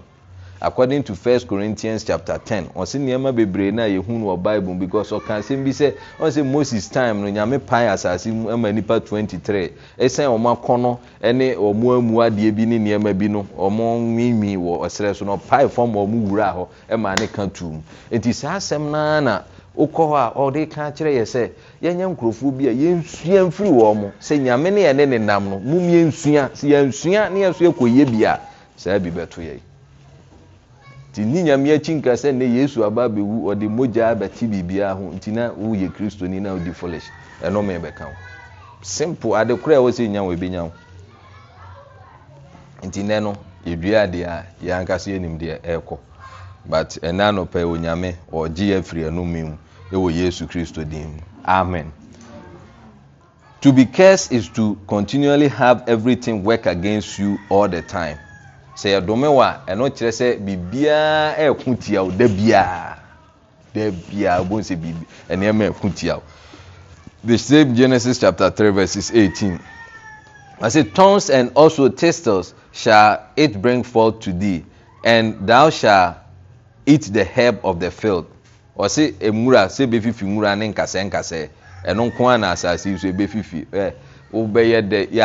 according to 1 corinthians chapter 10 ɔsi nneɛma bebree na yehu wɔ bible because ɔka asɛm bi sɛ ɔn sɛ moses time no nyame pan asase mu ama nipa 23 ɛsɛn wɔn akɔnɔ ɛne wɔn amu adeɛ bi ne nneɛma bi no wɔn nwinwin wɔ ɔsrɛ so no ɔpae fam wɔn wura hɔ ɛma ne ka tuum nti saa asɛm naa na wokɔ hɔ a ɔde ka kyerɛ yɛ sɛ yɛnyɛ nkurɔfoɔ bi a yɛnsua mfiri wɔn mo sɛ nyame ne yɛne ne nam no mum yɛnsua yɛnsua ne yɛso yɛkɔ yie bi a saa bi bɛto yɛ yi nti ni nyame akyi nka ne yesu aba abɛwu ɔde mogya abɛte biribiara ho nti na woyɛ kristoni na wodi foolish ɛno ma ɛbɛka ho simple ade korɔ a ɛwɔ sɛ nya wo ebɛnya nti nɛ no yɛdua adeɛ a yɛn ankasa yɛn deɛ ɛrekɔ but ɛna anɔpɛ onyame ɔgye yɛ ɛnum mu ɛwɔ yesu kristo din amen. To be cursed is to continually have everything work against you all the time sɛ yɛdome w a ɛno kyerɛ sɛ biribiaa ɛko tia wo da biaa da biaa wobɛhu sɛ biribi ɛnoɛma ɛko tia wo the same Genesis chapter three, verses eighteen. I say thorns and also thistles shall it bring forth to thee and thou shall eat the herb of the field ɔse emura sɛ ebefifi nwura ne nkasɛnkasɛ ɛno nko ara na asase yi so ebefifi ɛɛ. Eh. wobɛyɛ dɛ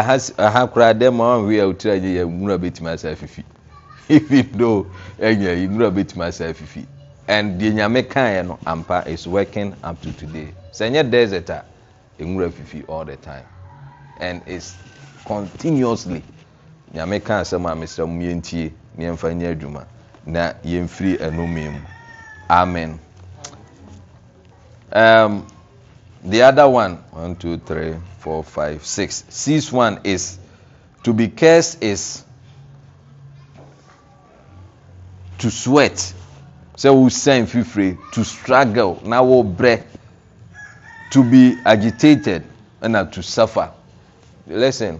ha koraa dɛ ma aotirayyɛnwura bɛtimi asa fifi *laughs* nwura bɛtimi asaa fifi n deɛ nyame kae ɛ no ampa is workin upto today sɛ ɛnyɛ desɛt a ɛwura fifi all the tim n i cnly nyame ka sɛm amesrɛmyɛntie n yɛmfa nyɛ adwuma na yɛmfiri nome mu m um, The other one, one, two, three, four, five, six. Sixth one is to be cursed is to sweat. So we wo sɛn fifiri to struggle na wo brɛ to be agitated ɛna to suffer. Listen,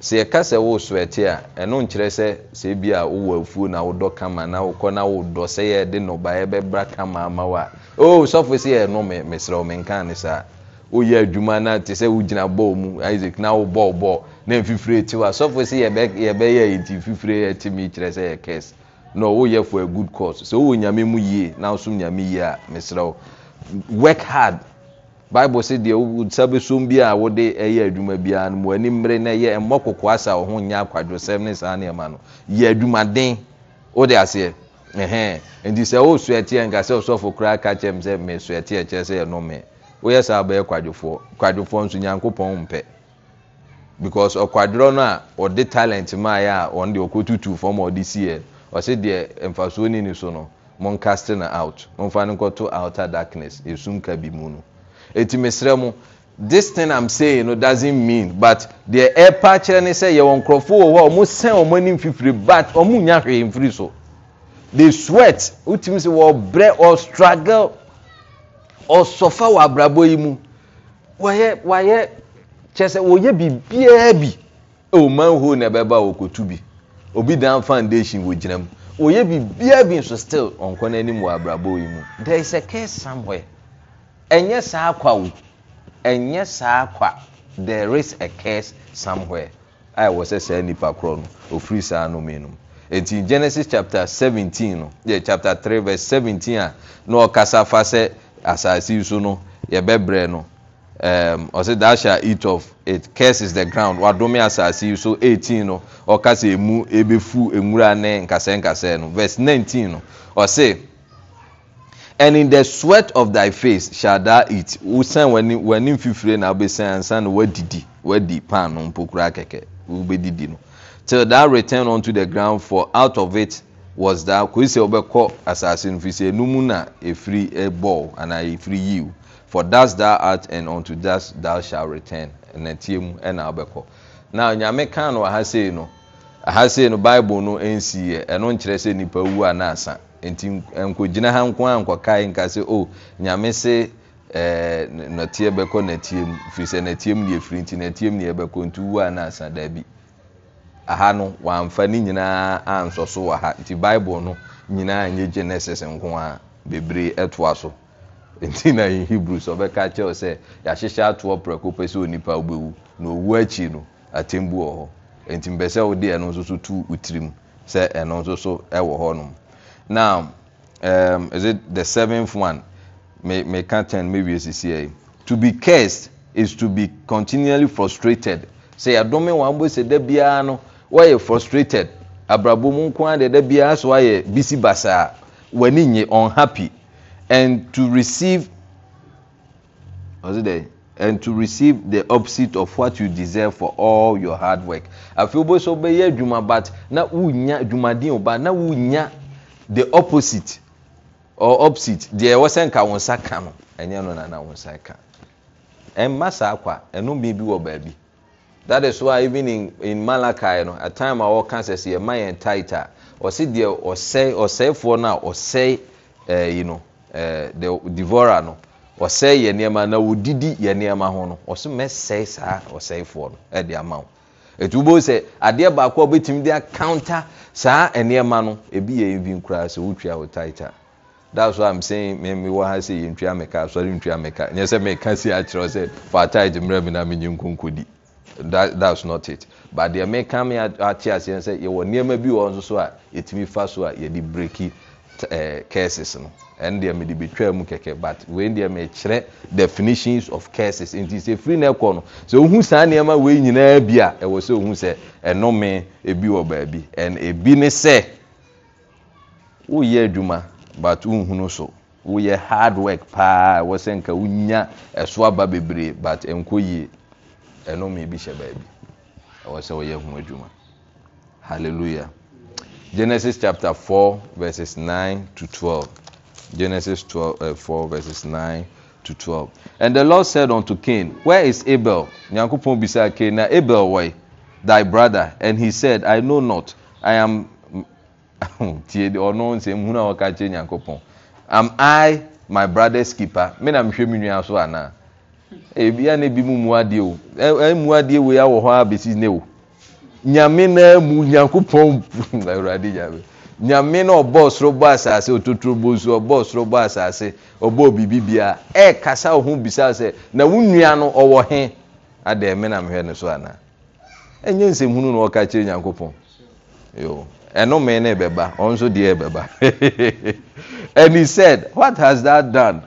sɛ yɛka sɛ wo sweat a ɛno nkyerɛ sɛ sɛ bi a wowɔ afuo na wodɔ kama na wokɔ na wodɔ sɛ yɛde ebe bɛbra kama ama wo o oh, sɔfo si yɛ no me mesrɛ me nka ne saa woyɛ adwuma na te sɛ wogyina bɔɔl mu isaac na wo bɔɔl bɔɔl na mfifire ti wa sɔfo si yɛbɛ yɛbɛyɛ nti mfifire ɛti mi kyerɛ sɛ yɛ kɛse no woyɛ for a good cause sɛ wowɔ nyame mu yie na nso nyame yie a mesrɛ wo work hard bible sɛ deɛ wosa bɛsom bi a wode ɛyɛ adwuma biara no mu ani mmere na ɛyɛ ɛmmɔ kokoa sa wo ho nyɛ akwadwosɛm ne saa nneɛma no yɛ adwumaden wode aseɛ nti sɛ wosuateɛ nka sɛ ɔsɔfo koraa ka kyɛm sɛ mesuateɛ kyerɛ sɛ ɛnome woyɛ saa bɛyɛ kwadwofoɔ kwadwofoɔ nso nyankopɔn mpɛ because ɔkwadworɔ no a ɔde talent maayɛ a ɔn deɛ ɔkɔtutu fam ɔde siiɛ ɔse deɛ mfasoɔ nini so no moncast no out momfa no nkɔto outer darkness ɛsum ka bi mu no ɛti mesrɛ mu this thing I'm saying no doesn't mean but deɛ ɛpa kyerɛ ne sɛ yɛwɔ nkurɔfoɔ wɔ hɔ a ɔmo sɛn ɔmo anim fifiri but ɔmo nya hwee mfiri so they sweat wotumi sɛ wɔbrɛ or struggle ɔsɔfa wɔ abrabɔ yi mu wɔyɛ wɔyɛ kyɛ sɛ wɔyɛ biribiara bi ɛwɔ manhole na ɛbɛba wɔ kotu bi obi dan foundation wɔ gyina mu wɔyɛ biribiara bi nso still ɔnkɔ n'anim wɔ abrabɔ yi mu there is a case somewhere ɛnyɛ saa kwa o ɛnyɛ saa kwa there is a case somewhere a ɛwɔ sɛ saa nipa korɔ no ofiri saa no mmienu mu ɛnti genesis chapter seventeen, no yɛ chapter three, verse seventeen, a na ɔkasa fa sɛ asase so no yɛbɛbrɛ no ɔsɛ tha shal eat of it curses the ground wadome asase yi so 18 no ɔka sɛ ɛmu bɛfu ɛwura ne nkasɛnkasɛɛ no vs 19 no ɔse and in the sweat of thy face shall thou eat wosan w'ani mfifire na wobɛsan ansan na woadidi wadi paano mpokuraa kɛkɛ wobɛdidi no till that return unto the ground for out of it was that kò sɛ ɔbɛkɔ asase no fi sɛ enum na efiri ɛbɔl anaa efiri yiw for dust thou art and unto dust thou shalt return ɛna tie mu ɛna ɔbɛkɔ na nyame kan no aha sei no aha sei no bible no nsi yɛ ɛno nkyerɛ sɛ nipa wu anaa asa nti nkogyina ha nko a nkɔkae nka sɛ o nyame se ɛɛ nɔteɛ bɛkɔ nɔteɛ mu fi sɛ nɔteɛ mu deɛ firi nti nɔteɛ mu deɛ bɛkɔ nti wu anaa asa daabi aha no wɔamfa ne nyinaa ansɔ so wɔ ha nti bible no nyinaa nyɛ genesis nko a bebree ɛtoa so *laughs* nti na in hebrews ɔbɛka kyɛw sɛ yɛahyehyɛ atoɔ prɛko pɛ sɛ onipa wobɛwu na ɔwu akyi no atembu wɔ hɔ nti mpɛ sɛ ɛno nso so tu wotirim sɛ ɛno nso so ɛwɔ hɔ nom now um, is it the seventh one May may ka ten me wie sisi ɛyi to be cursed is to be continually frustrated sɛ yɛadome wɔn abɔ sɛ da biara no woayɛ frustrated abrabɔ mu nko a deda biara so ayɛ bisi basaa w'ani nye unhappy and to receive ɔsi dɛ and to receive the opposite of what you deserve for all your hard work afei obo so bɛyɛ adwuma but na wunya adwumaden ba na wunya the opposite or opposite deɛ ɛwɔ sɛ nka wɔn nsa ka no ɛnyɛ no na na wɔn nsa ka ɛmma saa kwa ɛnum bi bi wɔ baabi that is why even in in Malachi no at time a wɔka sɛ sɛ yɛma yɛn tight a ɔsi deɛ ɔsɛe ɔsɛefoɔ no a ɔsɛe ɛɛ yi no ɛɛ the devourer no ɔsɛe yɛn nneɛma na wɔdidi yɛn nneɛma ho no ɔsi mɛsɛe saa ɔsɛefoɔ no ɛde ama wo etu bo sɛ adeɛ baako a wɔbɛtumi de akounter saa nneɛma no ebi yɛ ebi nkoraa sɛ wotwa wɔ tight a that's why i'm saying me me wɔ ha sɛ yɛntwa mɛka asɔre ntwa mɛka nyɛ sɛ mɛka si akyerɛw sɛ fa tight mmerɛ mi na mi nye nkonko di. That that's not it but deɛ meka me ate aseɛ sɛ yɛwɔ nneɛma bi wɔ nso so a yɛtumi fa so a yɛde breki eh, curses no ɛn deɛ mede betwaa mu kɛkɛ but wei deɛ mekyerɛ definitions of curses nti sɛ firi na ɛkɔ no sɛ ohu saa nneɛma wei nyinaa bi a ɛwɔ sɛ ohu sɛ ɛnome ebi wɔ baabi and ebi ne sɛ woyɛ adwuma but nhunu so woyɛ hard work paa ɛwɔ sɛ nka wonya ɛso aba bebree but nkɔ yie ɛnomibi hyɛ baabi ɛwɔ sɛwyɛ ho adwuma hallua genesis 42g912 eh, and the lord sɛid unto cane where is abel nyankopɔn bisa cane na abel wɔe thy brother and he sɛid i know not i am *laughs* td ɔno nsɛm hunu a wɔka kyeɛ nyankopɔn am i my brother s kipe me nemehwɛmi nua so anaa ebia ne bi mu mu adeɛ o emu e adeɛ ya awɔ hɔ abesi ne o nyame na mu nyankopɔn *laughs* awurade nyame nyame na ɔbɔ soro bɔ asase ototoro bɔ nsu ɔbɔ soro bɔ asase ɔbɔ bibi bia ɛɛkasa ɔho bisa sɛ na wo nua no ɔwɔ he ada ɛmɛ na mehwɛ ne so ana ɛnyɛ nsɛm hunu na ɔka kyerɛ nyankopɔn yo ɛnome ne ɛbɛba ɔnso deɛ ɛbɛba *laughs* and he said what has that done.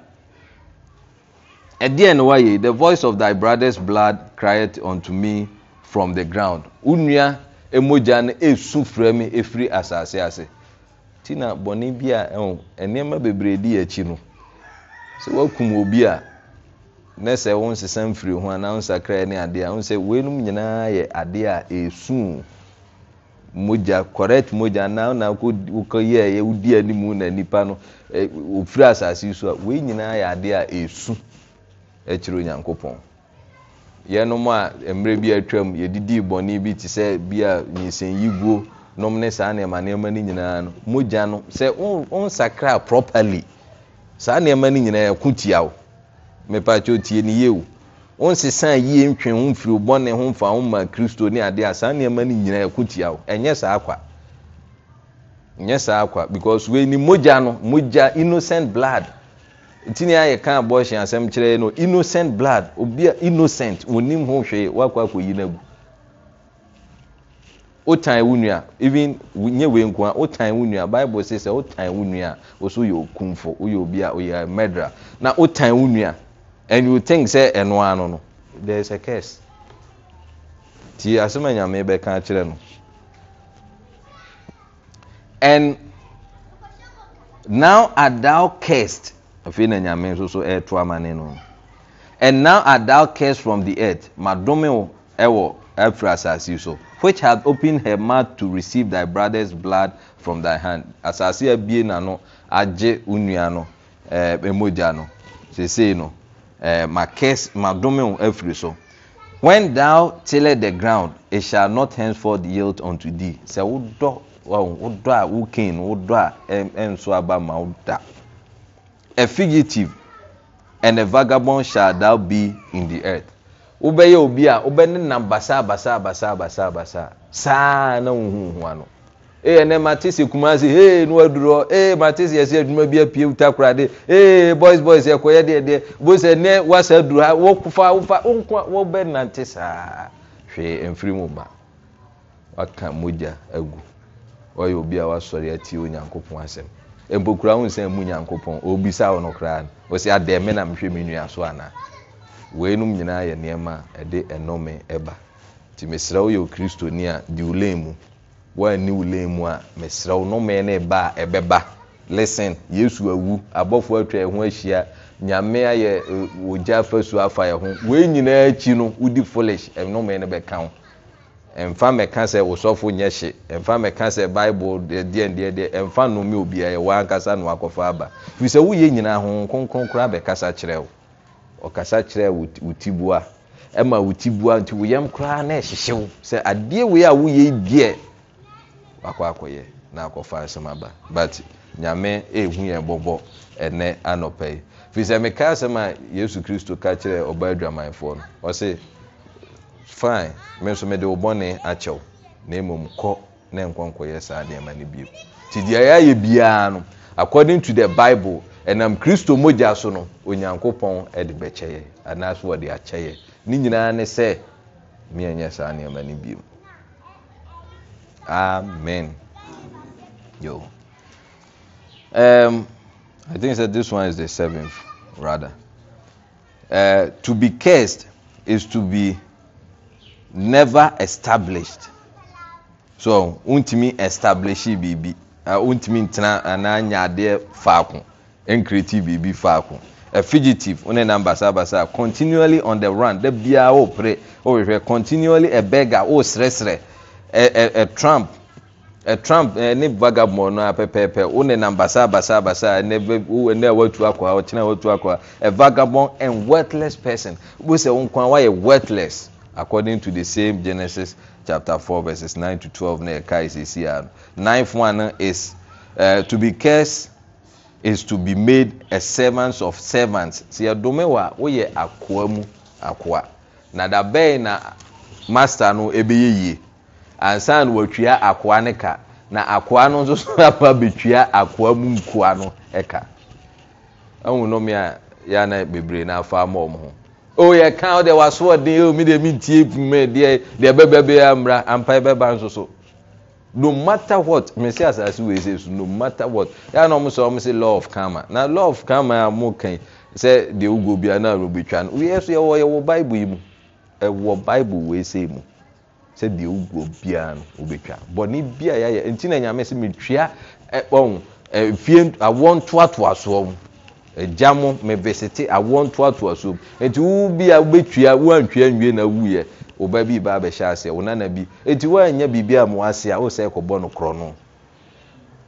ɛdeɛ na wayɛ the voice of thy brother's blood cried unto me from the ground wo nua mogya no ɛsu frɛ me ɛfiri asase ase nti na bɔne bi a ɛho nnoɔma bebree di akyi no sɛ woakum obi a ne sɛ wo nsesa mfiri ho anaa wonsakra ne adeɛ a wo sɛ weinom nyinaa yɛ adeɛ a ɛsuu mogya correct mogya anaa na wokɔyɛɛyɛ wodi animu na nipa no ɔfiri asase so a wei nyinaa yɛ adeɛ a ɛsu akyirɛ onyankopɔn yɛnom a mmerɛ bi atwam yɛdidii bɔne bi te sɛ bi a nyisɛnyi guo nom ne saa nnoɔma nnoɔma no nyinaa no mogya no sɛ wonsakraa properly saa nnoɔma no nyinaa ɛko tia wo mepakyɛ tie no yeo wonsesaa yie ntwe ho mfiri bɔne ho mfa ho ma kristo ne adeɛ a saa nnoɔma no nyinaa ɛko tia wo ɛnyɛ saa kwa nyɛ saa kwa because wei ni mogya no mogya innocent blood ntini ayɛ ka abɔɔhyɛ asɛm kyerɛ no innocent blood obi a innocent wɔnim ho hwee wakɔ yi no agu wotan wo nua even nye wei nko a wotan wo nua bible sɛ sɛ wotan wo nua a wɔso yɛ okumfo obia, obi a oyɛ murderer na wotan wo nua and you think sɛ ɛno ano no there is a curse ti asɛm a nyame bɛka kyerɛ no and now art cursed afei na nyame nso so ɛɛto amane no and now a thou cursed from the earth madome wo ɛwɔ afiri asase so which hath opened her mouth to receive thy brother's blood from thy hand asase abie n'ano agye wo nua no ɛɛ eh, emogya eh, no seesei no ɛɛ eh, ma curse madome wo afiri so when thou tiller the ground it shall not henceforth yield unto thee sɛ wodɔ wɔn wodɔ a wokain wodɔ a ɛnso aba ma woda a fugitive and a vagabond shall thou be in the earth wobɛyɛ obi a wobɛne nam basaa basaa basaa basaa basaa saa na wohuhu ano ɛyɛ eh, nɛ mate sɛ kuma se ee eh, no aduro ee eh, mate sɛ yɛsɛ adwuma bi apie wuta korade ee boys boys ɛkɔyɛ deɛ deɛ bo sɛ nɛ wasa aduro ha wofa wofa wonkwa wobɛnante saa hwee mfiri mu ma waka mogya agu wɔyɛ obi a wasɔre atie onyankopɔn asɛm mpokura ho nsa mu nyankopɔn obisa wo no koraa no wɔsi adeɛ me na mehwɛ me nua so anaa weinom nyinaa yɛ nneɛma a ɛde ɛnome ɛba nti mesrɛ wo yɛ okristoni a di wo lane mu woanni wo lane mu a mesrɛ wo ne ɛba a ɛbɛba listen yesu awu abɔfoɔ atwa ɛho ahyia nyame ayɛ eh, ogya afasu afa yɛ ho wei nyinaa akyi no wodi foolish ɛnome ne bɛka ho mfa mɛka sɛ wosɔfo nyɛ hye mfa mɛka sɛ bible deɛdeɛdeɛ ɛmfa nnome obiaa ɛwɔ ankasa no wakɔfa aba firi sɛ woyɛ nyinaa hohom kronkron koraa bɛkasa kyerɛ wo ɔkasa kyerɛ wo tibua ɛma wo tibua nti woyam koraa na ɛhyehye wo sɛ adeɛ wei a woyɛ deɛ wakɔ akɔyɛ na akɔfa asɛm aba but nyame ɛhu yɛn bɔbɔ ɛnɛ anɔpa yi firi sɛ meka asɛm a yesu kristo ka kyerɛ ɔbaa adwamanfoɔ no ɔse fine me nso mede wo bɔne akyɛw na mmom kɔ na nkɔnkɔyɛ saa nneɛma no bio nti deɛ yɛayɛ biara no according to the bible ɛnam kristo mogya so no onyankopɔn de bɛkyɛyɛ anaasɛ wɔde akyɛyɛ ne nyinaa ne sɛ meɛnyɛ saa nneɛma no bio amen yo um, i think that this one is the seventh rather uh, to be cursed is to be never established so wontumi establishi biribi wontumi ntena anaa nya faako nkreti biribi faako a fugitive one nam basabasa continually on the run da biara wopere wohwehwɛ continually a beggar woresrɛsrɛ a trump a trump eh, ne vagabond no a pɛpɛɛpɛ wone nam basabasabasa ne a watu akwa a ɔkyena a watu akwa. a vagabond and worthless person wo sɛ wo nkoa woayɛ worthless according to the same genesis chapter 4 verses 9 to 12 na ɛka ɛsɛsi ano ninth one is uh, to be cursed is to be made a servant of servants sɛ yɛdome wɔ a woyɛ akoa mu akoa na da na master no ebe yie ansa na watua akoa ne ka na akoa no nso so aba betua akoa mu nkoa no ɛka ɛhu nnome a yɛa na bebree na afa ama wɔn ho o yɛ ka o deɛ wasoɔden o mi deɛ mi ntie pume deɛ deɛ bɛbɛ bɛ amra ampa bɛba nso so no matter what me se asase wei se so no matter what yà na ɔmo sɛ ɔmo sɛ law of karma na law of karma a mo kɛn sɛ deɛ ogo bia na robo twa no yɛ so yɛwɔ yɛwɔ bible eh, yi mu ɛwɔ bible wei se mu sɛ deɛ ogo oh, bia eh, no obi twa bɔnne bia yɛ ayɛ ntina nyame sɛ mi twia ɛkpɔn ɛfie awɔ ntoatoasoɔ mu gya mo mevesete awoɔ ntoatoasoɔ m ɛnti wo bi a wobɛtua woantwua nwie na wuyɛ wo ba bi baa bɛhyɛ aseɛ wo nana bi ɛnti woanyɛ biribi a mo ase a wo sɛ no korɔ no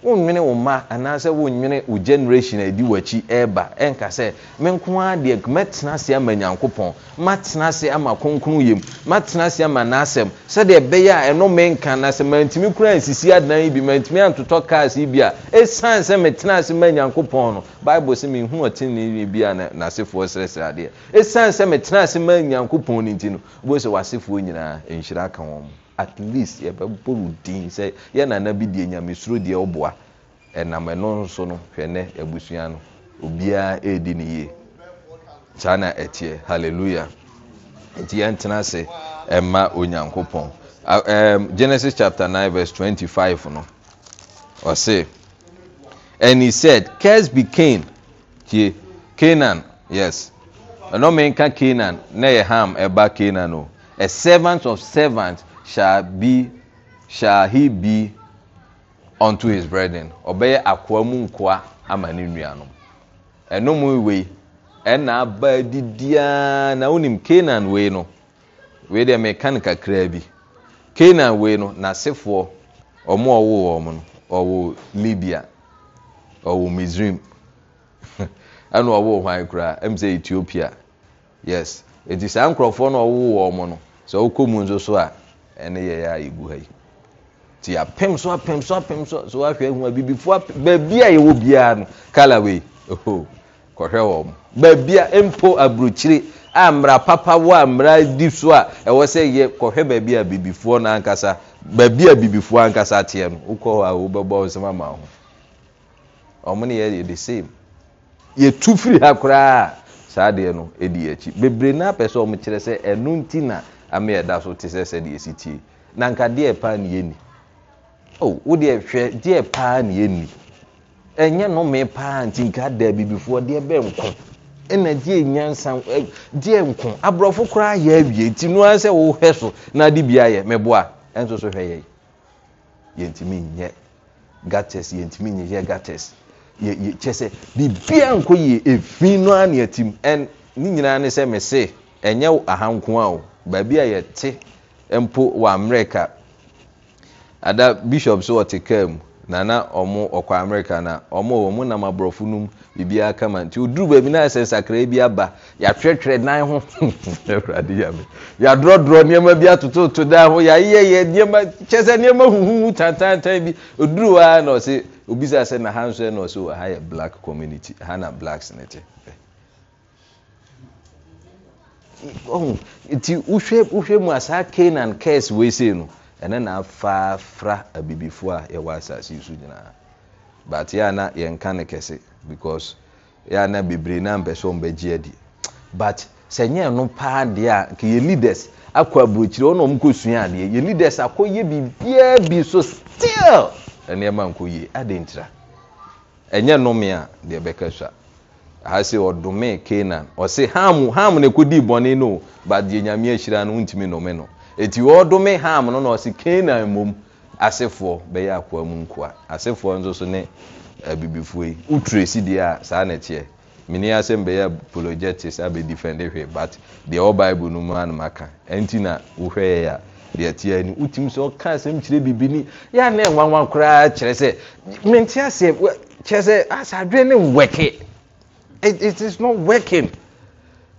wonwene wo mma anaasɛ wonwene wo generation a ɛdi w'akyi ɛreba ɛnka sɛ me nko ara deɛ mɛtena ase ama nyankopɔn matena ase ama kronkron yam matena ase ama n'asɛm sɛdeɛ ɛbɛyɛ a ɛno menka n'asɛm mantumi kura nsisi adan yi bi mantumi antotɔ cars yi bi a ɛsiane sɛ metena ase ma nyankopɔn no bible sɛ mehu ɔtenenee bi a n'asefoɔ srɛsrɛ adeɛ ɛsiane sɛ metena ase ma nyankopɔn no nti no wobɛhu w'asefoɔ nyinaa nhyira ka wɔn at least yɛbɛbɔru din sɛ yɛ nana bi deɛ nyamesuro deɛ ɔboa ɛnam ɛno nso no hwɛ nɛ abusua no obiara ɛredi ne yie saa na ɛteɛ hallelujah nti yɛntena ase ɛma onyankopɔn ɛɛm genesis chapter nine verse twenty-five no ɔse and he said curse be cain tie canaan yes ɛnɔmɛ nka canaan Ne yɛ ham ɛba canaan o a servant of servant shall be shall he be unto his brethren ɔbɛyɛ akoa mu nkoa ama ne nuanom ɛnom wei ɛna aba didiaa na wonim canaan wei no wei deɛ meka no kakraa bi canaan wei no n'asefoɔ ɔmo ɔwo wɔ mo no ɔwo libia ɔwo misrim *laughs* ɛna ɔwo hwan koraa ɛmu sɛ ethiopia yes eti saa nkurɔfoɔ na ɔwo wɔ no sɛ ɔwokɔ mu nso so a ɛne yɛyɛ a yɛgu ha yi nti apem so apem so apem so so ahwɛ ehu abibifoɔ baabi a yɛwɔ biara no kalawei oho kɔhwɛ wɔn baabi a mpo aburokyire a papa papawo a mmara di so a ɛwɔ sɛ yɛ kɔhwɛ baabi a bibifoɔ n'ankasa baabi a bibifoɔ ankasa teɛ no wokɔ hɔ a wobɛbɔ nsɛm ama ho wɔn ne yɛ the same yɛtu firi ha koraa saa deɛ no di akyi bebree naa pɛ sɛ wɔn kyerɛ sɛ ɛnu nti na. ama yɛda so te sɛ sɛdeɛ ɛsi tie na nka deɛ paa ne yɛni wodeɛ hwɛ deɛ paa ne yɛni ɛnyɛ nome paa nti nka daa bibifoɔ deɛ bɛnko ɛna deɛ nyansa deɛ nko aborɔfo koraa yɛ awie nti no ara sɛ wohwɛ so na ade bi ayɛ mɛboa ɛnso so hwɛ yɛi yɛntumi nyɛ gates yɛntumi nyɛ gates kyɛ sɛ biribia nkɔ yie ɛfi no ara ne atim ɛn ne nyinaa ne sɛ mese ɛnyɛ ahanko a o baabi a yɛte mpo wɔ amerika ada bishop so ɔte kaa mu na ɔmo ɔkɔ amerika na ɔmo wɔ mu nam aborɔfo nom biribiara kama nti oduru baabi na ɛsɛ nsakraa bi aba yɛatwerɛtwerɛ dan ho *laughs* awurade yame yɛadorɔdorɔ nneɛma bi atototo dan ho yɛayɛyɛ nneɛma kyɛ sɛ nneɛma huhuhu tantantan bi oduru hɔ ara na ɔse obisa sɛ na ha nso na ɔse wɔ ha yɛ black community ha na blacks ne te nti wohwɛ mu a saa canaan cars weisei no ɛne na afaafra abibifoɔ a yɛwɔ asase yi so nyinaa but yɛa na yɛnka no kɛse because yɛa na bebree no ampɛ sɛ ɔmbɛgye adi but sɛ nyɛ no paa deɛ a nka yɛ leaders akɔ aburokyire wɔn na wɔn kɔsua adeɛ yɛ leaders akɔyɛ biribiara bi so still nneɛma nkɔ yie adi ntira ɛnyɛ nnome a deɛ bɛka so ha se ɔdome canaan ɔse ham no ɛkɔdii bɔne no o but deɛ nyame anụ no wontimi nome no ɛti ɔdome ham no na ɔse canaan mmom asefoɔ bɛyɛ akoa mu nkwa asefoɔ nso so ne abibifoɔ yi woture sideɛ a saa ne teɛ meni asɛm bɛyɛ apologetis abɛdi fɛnde hwee but deɛ ɔ bible no mu anomaka ɛnti na wohwɛeɛ a deɛ tiani wotumi sɛ ɔka asɛm kyerɛ bibini yɛa ne ɛwanwa koraa kyerɛ sɛ mente aseɛ kyerɛ sɛ asadwene ne wɛke it, it is not working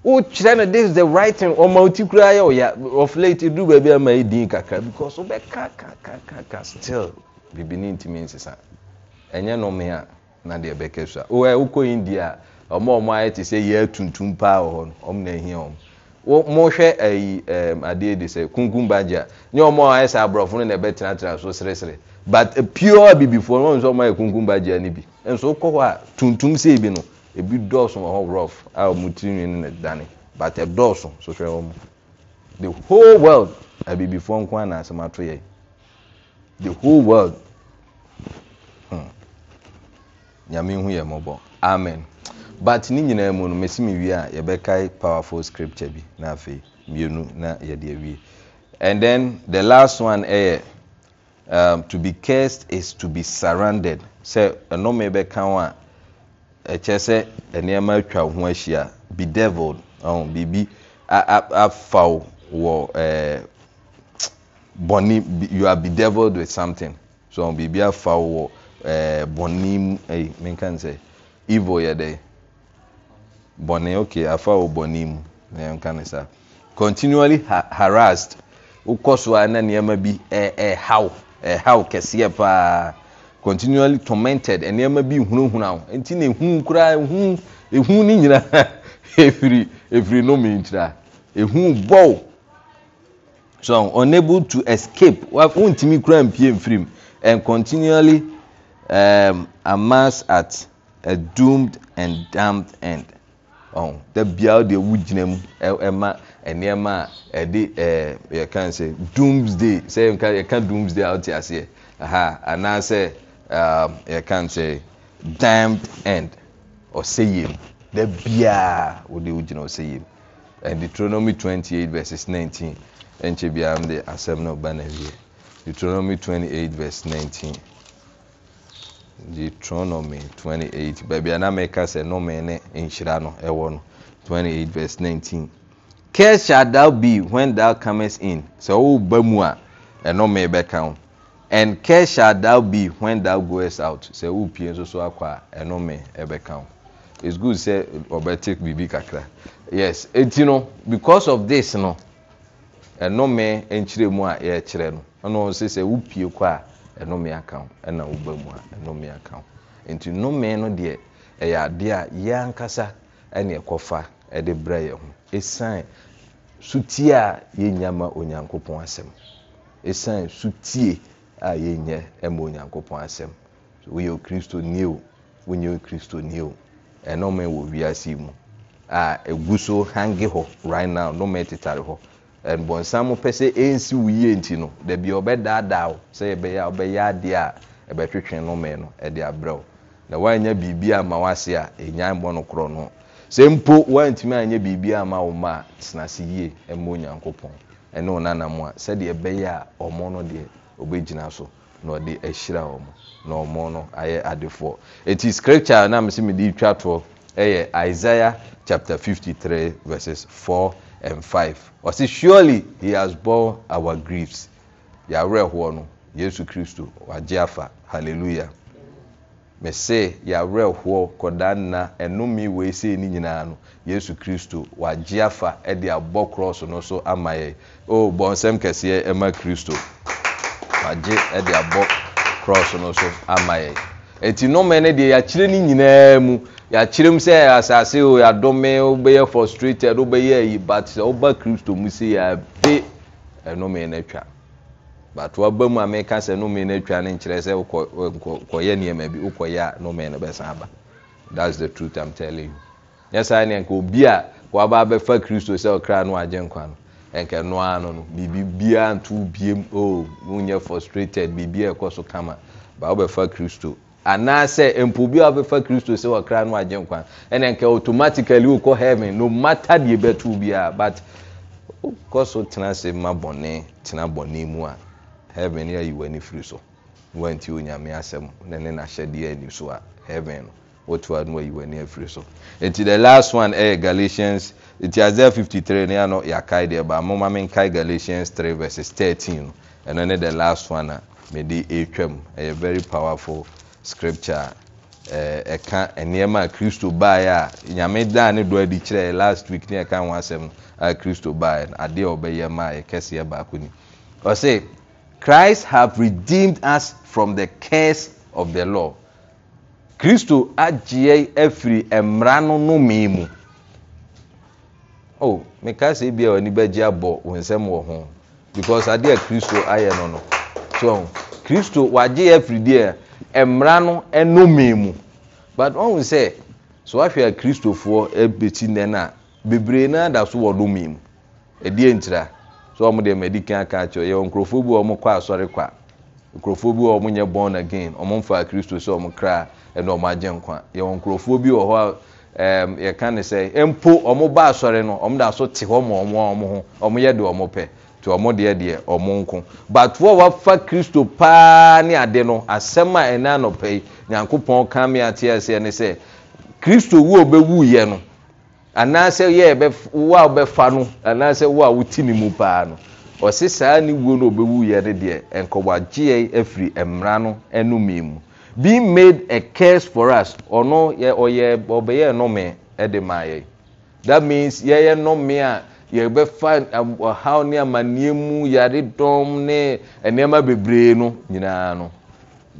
wokyerɛ no this the writing ɔma oti kura yɛ ɔya of late duru baabi ama yɛ din kakra because wobɛka kakakaka still bibi ne ntumi nsesa ɛnyɛ nome a na deɛ bɛkɛ so a wowɛ wokɔ india a ɔma ɔmo ayɛ te sɛ yɛ tuntum paa wɔ hɔ no ɔmo na ahia ɔmo mohwɛ ayi ɛɛm adeɛ de sɛ kunkun bagya nyɛ ɔmo ayɛ sɛ aborɔfo no na ɛbɛtenatena so seresere but eh, pure abibifoɔ no wɔn nso ɔmo ayɛ kunkun bagya ne bi nso wokɔ hɔ a tuntum sei bi no ebi dɔɔso wɔ hɔ rough a wɔn ti nwi ne dani but ɛdɔɔso so hwɛ wɔn the whole world abibifoɔ nko ara na ato yɛ the whole world hmm. nyame hu yɛ mɔbɔ amen but ne nyinaa mu no mesi mi wie a yɛbɛkae powerful scripture bi na afei mmienu na yɛde awie and then the last one ɛyɛ um, to be cursed is to be surrounded sɛ ɛnɔma yɛbɛka ho a ɛkyɛ sɛ nnoɔma atwa wo ho ahyia bedevil biribi wo wɔ bɔne youar bedeviled with something so biribi afaw wɔ bɔnem menka ne sɛ evo yɛ dɛ bɔne ok afa wɔ bɔne mu nka ne saa continually harassed wokɔ so a na nnoɔma bi haw haw kɛseɛ paa continually tormented nnoɔma bi hunuhuna wo nti ne ehu koraa ehu ehu ne nyinaa efiri efiri nnome ntira ehu bow? so unable to escape wontumi koraa mpie mfirim and continually um, amass at a doomed and damned end ɔn oh, da biara deɛ wu gyina mu e, e e ɛma nnoɔma a ɛde ɛɛ yɛka sɛ doomsday sɛ yɛka doomsday a ɔte aseɛ ha, anaasɛ. Um, yɛkam sɛ dn sɛmudabaawowoginasu 8 nkyɛ biaamde asɛm nobanaabiana mɛka sɛ ɛno me ne nhyira no ɛwɔ no car sha to be en tou comest in sɛ woba mu a ɛnomebɛkaho and care shall thou be when thou goest out sɛ pie nso so akɔ a ɛnome ɛbɛka o it's good sɛ ɔbɛte biribi kakra yes eti no because of this no ɛnome nkyerɛ mu a yɛkyerɛ no ɛna ɔsɛ sɛ pie kɔ a ɛnome aka wo ɛna woba mu a ɛnome aka o nti nome no deɛ ɛyɛ adeɛ a yɛn ankasa ɛne ɛkɔfa ɛde brɛ yɛn ho esan sutie a yɛn nyama onyankopɔn asɛm esan sutie. a yɛnyɛ ma onyankopɔn asɛm woyɛ okristoni o wonyɛ okristoni o ɛnome wɔ wiase yi mu a egu so hange hɔ right now nome tetare hɔ ɛnbɔnsam pɛ sɛ ɛnsi wo yie nti no dabia ɔbɛdaadaa o. sɛ yɛbɛyɛ a wobɛyɛ adeɛ a ɛbɛtwetwe nome no ɛde abrɛ wo na woanyɛ biribi a ma woase a ɛnya mmɔ no korɔ no sɛ mpo woantumi anyɛ biribi a ma wo ma a tenase yie ma onyankopɔn ɛne wo nanamu a sɛdeɛ ɛbɛyɛ a ɔmmɔ no deɛ obɛgyina so na ɔde ahyira wɔ mo na ɔmo no ayɛ adefoɔ ɛti scripture nam sɛ mede twa toɔ ɛyɛ isaia chapter 53 verses 4 and 5 ɔse surely he has bore our griefs yɛawerɛhoɔ no yesu kristo wagye afa halleluja mese yɛawerɛhoɔ kɔdaa nna ɛnome wei sei ni nyinaa no yesu kristo wagye afa de abɔ krɔso no so ama yɛ o oh, bɔnsɛm kɛseɛ ɛma kristo wagye ɛde abɔ cross no so ama yɛ ɛnti nnɔma no deɛ yɛakyerɛ no nyinaa mu yɛakyerɛ mu sɛ asase o yɛadɔme wobɛyɛ frustrated wobɛyɛ ayi but sɛ woba kristo mu sɛ yɛabe ɛnome no atwa but waba mu a meka sɛ nome no atwa no nkyerɛ sɛ ɔkɔyɛ nneɛma bi ɔkɔyɛ a nome no bɛsa aba that's the truth I'm telling you nyɛ saa neɛ nka obi a waba abɛfa kristo sɛ ɔkra no agye nkwa no nkɛno ara no no biribi biara nto biem o wonyɛ frustrated biribi a ɛkɔ so kama ba wobɛfa kristo anaasɛ mpo bi a wobɛfa kristo sɛ wɔkra no agye nkwa ɛnɛ nkɛ automatically wokɔ heaven no matter deɛ bɛto biara but wokɔ so tena se ma bɔne tena bɔne mu a heaven yɛ ayi w'ani firi so wanti onyame asɛm ne ne n'ahyɛdeɛ ani so a heaven no wotoa no ayi w'ani afiri so nti the last one ɛyɛ galatians nti Isaiah 53 ni ano yɛakae deɛ ba moma menkae Galatians 3 verses 13 no ɛno ne the last one a di ɛretwam ɛyɛ very powerful scripture ɛka nneɛma a kristo baeɛ a nyame daa ne dɔ adi kyerɛ last week ne ɛka ho asɛm a kristo baeɛ no adeɛ a ɔbɛyɛ ma a yɛkɛseɛ baako ni ɔse christ have redeemed us from the curse of the law kristo agyeɛ afiri mmara no nomee o oh, meka sɛ ebia w'ani bɛgye abɔ wo nsɛm wɔ ho because adeɛ a kristo ayɛ no no so kristo wagye yɛ afirideɛ a mmara no ɛnome mu but ɔhu sɛ so wahwɛ a kristofoɔ ɛbɛti nnɛ no a bebree no ada so wɔ nome mu ɛdeɛ ntira so ɔmo deɛ madi kan aka akyerɛ yɛwɔ nkurɔfoɔ bi ɔmo kɔ asɔre kɔ a nkurɔfoɔ bi ɔmo nyɛ born again ɔmo mfa kristo sɛ ɔmo kra na ɔmo agye nkwa yɛwɔ nkurɔfoɔ bi wɔ hɔ a yɛka ne sɛ mpo ɔmo ba asɔre no ɔmo da so te hɔ ma ɔmo a ɔmo ho ɔmo yɛ deɛ ɔmo pɛ nti ɔmo deɛ deɛ ɔmo nko but wɔ wafa kristo paa ne ade no asɛm a ɛna anɔpɛ yi nyankopɔn kan mi ate aseɛ ne sɛ kristo wu a ɔbɛwu yɛ no anaasɛ yɛ ɛbɛ wo a ɔbɛfa no anaasɛ wo a woti ne mu paa no ɔsi saa ne wuo no ɔbɛwu yɛ no deɛ nkɔwagyeɛ afiri mmara no ɛnum yi mu. being made a curse for us ɔno yɛ ɔyɛ ɔbɛyɛ nnome ɛde maa yɛ that means yɛyɛ nnome a yɛbɛfa ɔhaw ne amanneɛ mu yare dɔm ne nneɛma bebree no nyinaa no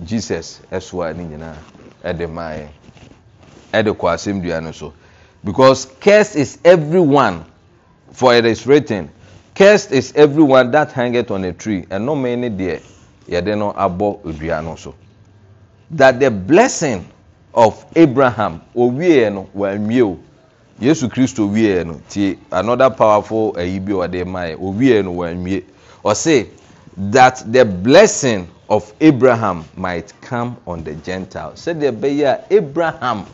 jesus ɛsoa ne nyinaa ɛde maa yɛ ɛde kɔ asɛm dua so because curse is everyone for it is written curse is everyone that hangeth on a tree ɛnome ne deɛ yɛde no abɔ dua no so that the blessing of abraham owieɛ no wɔanwie o yesu kristo wieɛ no nti another powerful ayi eh, bi ɔde maɛ e, owieɛ no wɔanwie ɔse that the blessing of abraham might come on the gentile sɛdeɛ ɛbɛyɛ a abraham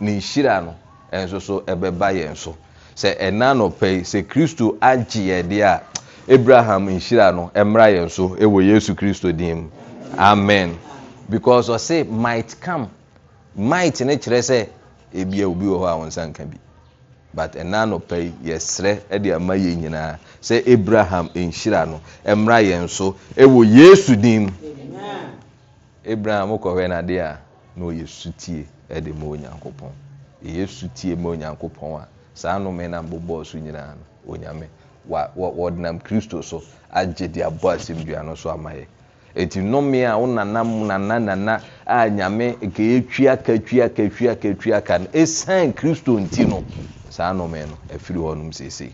ne nhyira no ɛnso so ɛbɛba yɛn so sɛ ɛna nɔpɛ yi sɛ kristo agye yɛ deɛ a abraham nhyira no ɛmmra yɛn so ɛwɔ yesu kristo dim amen because ɔse might come might no kyerɛ sɛ ebia obi wɔ hɔ a wɔn nsa nka bi but ɛna anɔpa yi yɛsrɛ ɛde ama yɛn nyinaa sɛ Abraham nhyira no mmra yɛn so ɛwɔ e Yesu din Abraham kɔhwɛ n'adeɛ a na ɔyɛ sutie de ma Onyankopɔn ɛyɛ sutie ma Onyankopɔn a saa nnome na mbobɔɔ so nyinaa no Onyame wɔdenam Kristo so agye de abɔ asɛmdua no so ama yɛ. ɛti nnome a wo nanam nananana a nyame nkɛyɛtwakatwakatwakatwaka no esan kristo nti no saa nnome no efiri hɔ nom sese.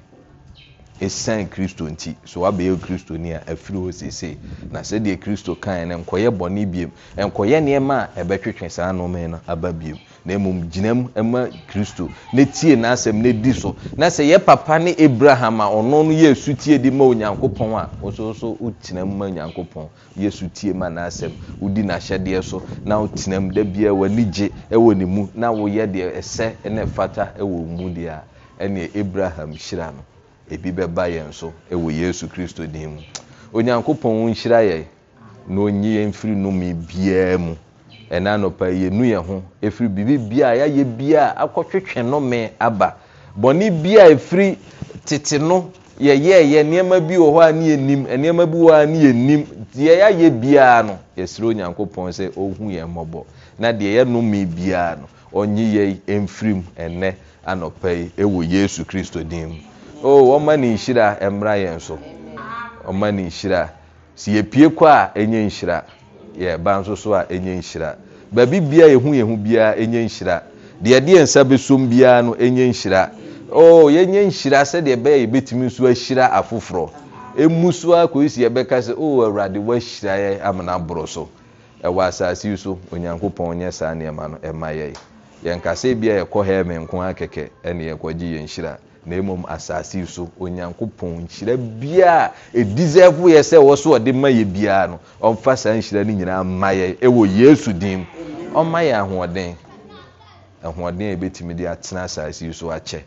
Esan kristo nti so wabɛyɛ kristoni a efiri hɔ sese. na sɛdeɛ kristo kan no nkɔyɛ bɔne biom ɛnkɔyɛ nneɛma a ɛbɛtwetwe saa nnome no aba biom na mmom gyinam ma kristo ne tie n'asɛm ne di so na sɛ yɛ papa ne abraham a ɔno no yɛ sutie di ma onyankopɔn a wososo wotenam ma onyankopɔn yɛ sutie ma n'asɛm wodi n'ahyɛdeɛ so na wotenam da biaa w'ani gye wɔ ne mu na woyɛ deɛ ɛsɛ ne fata wɔ mu deɛ a ɛneɛ abraham hyira no ebi bɛba yɛn so wɔ yesu kristo din mu onyankopɔn wo nhyira yɛ na ɔnyi yɛn firi nome biaa mu ɛna anɔpa yɛnu yɛ ho ɛfiri biribi bia a yɛayɛ bia a akɔtwetwe nnome aba bɔne bia efiri ɛfiri tete no yɛyɛyɛ nnoɔma bi wɔ hɔ a ne yɛnim nnoɔma bi wɔ a ne yɛnim yɛyɛayɛ bia no yɛsrɛ onyankopɔn sɛ ɔhu yɛn mmɔbɔ na deɛ yɛnome bia no ɔnye yɛi mfirim ɛnɛ anɔpa yi ɛwɔ yesu kristo din mu ɔma ne nhyira ɛmmra yɛn so ɔma ne nhyira sɛ yɛpie kɔ a ɛnyɛ nhyira yɛba nso so a ɛnyɛ nhyira baabi biaa yɛhu yɛhu biaa ɛnyɛ nhyira deɛ deɛ nsa bɛsom biara no ɛnyɛ nhyira oh, yɛnyɛ nhyira sɛdeɛ ɛbɛyɛ yɛbɛtumi nso ahyira afoforɔ ɛmu so a kɔyisi yɛbɛka sɛ o oh, awurade woahyiraeɛ amana borɔ so ɛwɔ asase yi so onyankopɔn nyɛ saa nnoɔma no ɛma yɛe yɛnkasɛ bia yɛkɔ hɛme nko akɛkɛ ɛne yɛkɔgye yɛnhyira na mmom asase yi so onyankopɔn nhyira biaa ɛdisɛfo yɛ sɛ wɔ ɔde ma yɛ biara no ɔmfa saa nhyira no nyinaa mma yɛ ɛwɔ yesu din ɔmma yɛ ahoɔden ahoɔden a yɛbɛtumi de atena asase yi so akyɛ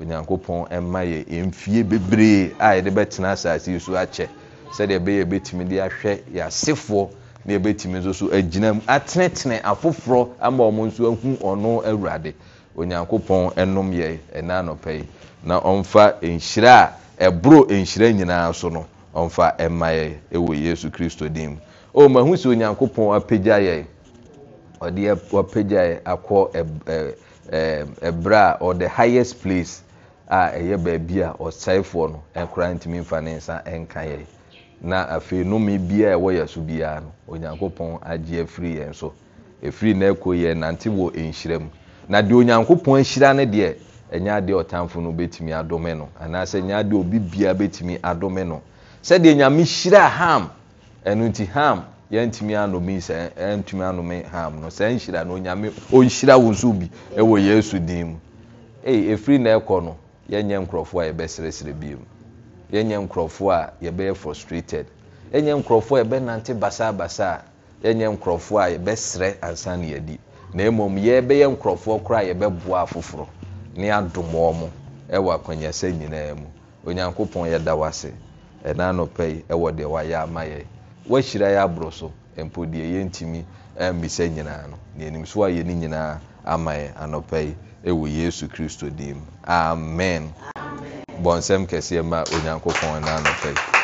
onyankopɔn ɛma yɛ mfie bebree a yɛde bɛtena asase yi so akyɛ sɛdeɛ ɛbɛyɛ yɛbɛtumi de ahwɛ yɛ na yɛbɛtumi nso so agyina mu atenetene afoforɔ ama ɔmo nso ahu ɔno awurade onyankopɔn ɛnom yɛ ɛna anɔpɛ yi na ɔmfa nhyira a ɛboro nhyira nyinaa so no ɔmfa ɛma yɛ ɛwɔ yesu kristo dim o mahu sɛ onyankopɔn apagya yɛ ɔde apagya yɛ akɔ ɛbrɛ a ɔde highest place a ɛyɛ baabi a ɔsɛefoɔ no ɛnkora ntumi mfa ne nsa ɛnka yɛ na afei nnome biara ɛwɔ yɛ so biara no onyankopɔn agye afiri yɛn so ɛfiri na ɛkɔ yɛ nante wɔ nhyira mu na deɛ onyankopɔn ahyira no deɛ ɛnyɛ adeɛ ɔtamfo no bɛtumi adome no anaasɛ ɛnyɛ adeɛ obi biara bɛtumi adome no sɛdeɛ nyame hyira ham ɛno nti ham yɛntumi anome sɛ yɛntumi anome ham no sɛ nhyira no onyame ɔnhyira wo nso bi ɛwɔ yesu din mu ee efiri na ɛkɔ no yɛnyɛ nkurɔfoɔ a yɛbɛsrɛsrɛ bi mu yɛnyɛ nkurɔfoɔ a yɛbɛyɛ frustrated yɛnyɛ nkurɔfoɔ a yɛbɛnante basabasa a yɛnyɛ nkurɔfoɔ a yɛbɛsrɛ ansa ne yɛdi na mmom yɛbɛyɛ nkurɔfoɔ koraa a yɛbɛboa afoforɔ ne adom wɔ mo ɛwɔ akwanyasa nyinaa mu onyankopɔn yɛda wase ɛna nɔpɛ yi ɛwɔ deɛ wayɛ ama yɛ wahyira yɛ aborɔ so mpo deɛ yɛntumi mmisa nyinaa no neanim so ayɛ ne nyinaa ama yɛ anɔpɛ yi ɛwɔ yesu kristo dim amen bɔnsɛm kɛseɛ ma onyankopɔn ɛna nɔpɛ yi